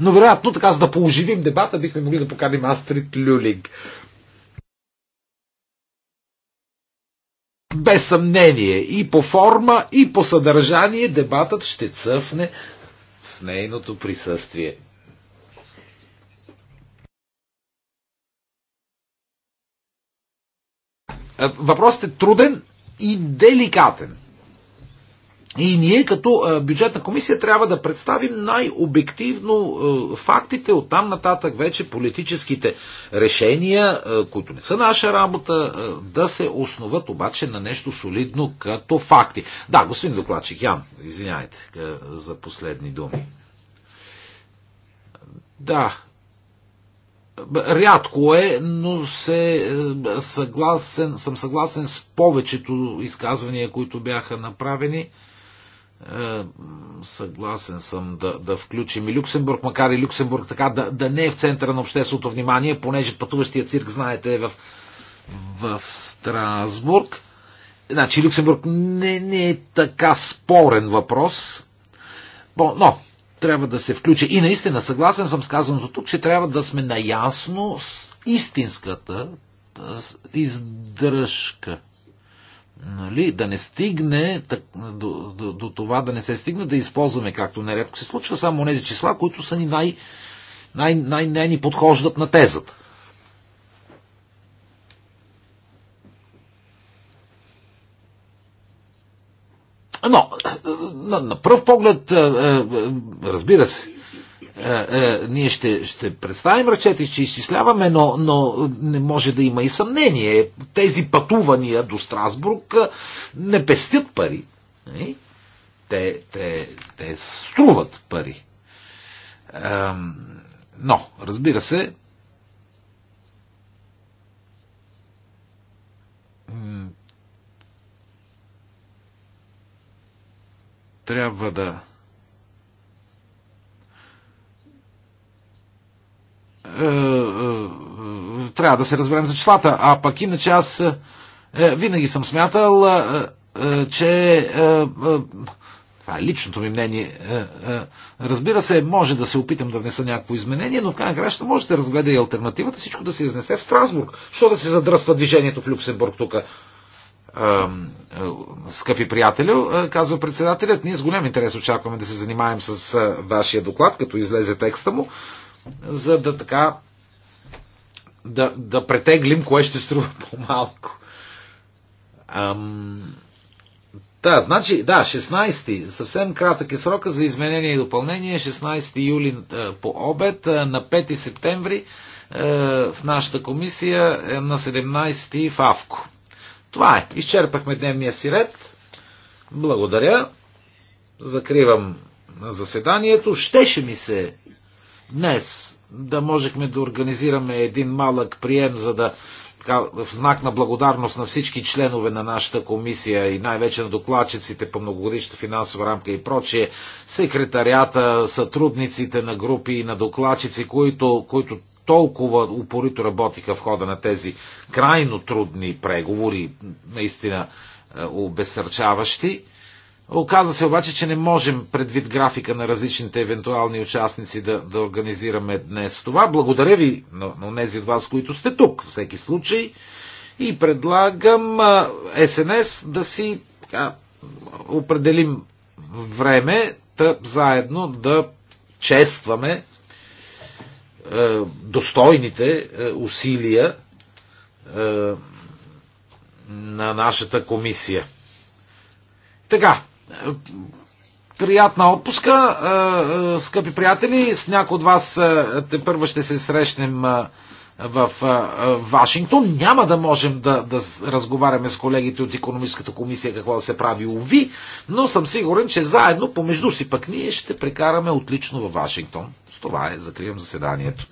Но вероятно, така за да пооживим дебата, бихме могли да поканим Астрид Люлинг. Без съмнение, и по форма, и по съдържание дебатът ще цъфне с нейното присъствие. Въпросът е труден и деликатен. И ние като бюджетна комисия трябва да представим най-обективно фактите, от там нататък вече политическите решения, които не са наша работа, да се основат обаче на нещо солидно като факти. Да, господин докладчик, Ян, извиняйте за последни думи. Да, Рядко е, но се, съгласен, съм съгласен с повечето изказвания, които бяха направени. Е, съгласен съм да, да включим и Люксембург, макар и Люксембург така да, да не е в центъра на общественото внимание, понеже пътуващия цирк, знаете, е в, в Страсбург. Значи Люксембург не, не е така спорен въпрос, но трябва да се включи. И наистина съгласен съм с казаното тук, че трябва да сме наясно с истинската издръжка нали, да не стигне так, до, до, до това, да не се стигне да използваме, както нередко се случва, само тези числа, които са ни най, най, най, най ни подхождат на тезата. Но, на, на пръв поглед, е, е, разбира се, е, е, ние ще, ще представим ръчете, ще изчисляваме, но, но не може да има и съмнение. Тези пътувания до Страсбург е, не пестят пари. Нали? Те, те, те струват пари. Но, разбира се, трябва да Е, е, трябва да се разберем за числата, а пък иначе аз е, винаги съм смятал, че това е личното ми мнение. Разбира се, може да се опитам да внеса някакво изменение, но в крайна краща може да разгледа и альтернативата, всичко да се изнесе в Страсбург. Що да се задръства движението в Люксембург тук? Скъпи приятелю, казва председателят, ние с голям интерес очакваме да се занимаем с вашия доклад, като излезе текста му за да така да, да претеглим кое ще струва по-малко. Ам... Да, значи, да, 16, съвсем кратък е срока за изменение и допълнение, 16 юли е, по обед, е, на 5 септември е, в нашата комисия, на 17 в Авко. Това е, изчерпахме дневния си ред. Благодаря. Закривам заседанието. Щеше ми се днес да можехме да организираме един малък прием, за да така, в знак на благодарност на всички членове на нашата комисия и най-вече на докладчиците по многогодишната финансова рамка и прочие, секретарията, сътрудниците на групи и на докладчици, които, които толкова упорито работиха в хода на тези крайно трудни преговори, наистина е, обесърчаващи. Оказа се обаче, че не можем предвид графика на различните евентуални участници да, да организираме днес това. Благодаря ви на, на тези от вас, които сте тук, всеки случай. И предлагам а, СНС да си а, определим време, да заедно да честваме а, е, достойните а, е, усилия а, е, на нашата комисия. Така, приятна отпуска, е, е, скъпи приятели. С някои от вас е, те първо ще се срещнем в Вашингтон. Няма да можем да, да разговаряме с колегите от економическата комисия какво да се прави, уви, но съм сигурен, че заедно помежду си пък ние ще прекараме отлично във Вашингтон. С това е, закривам заседанието.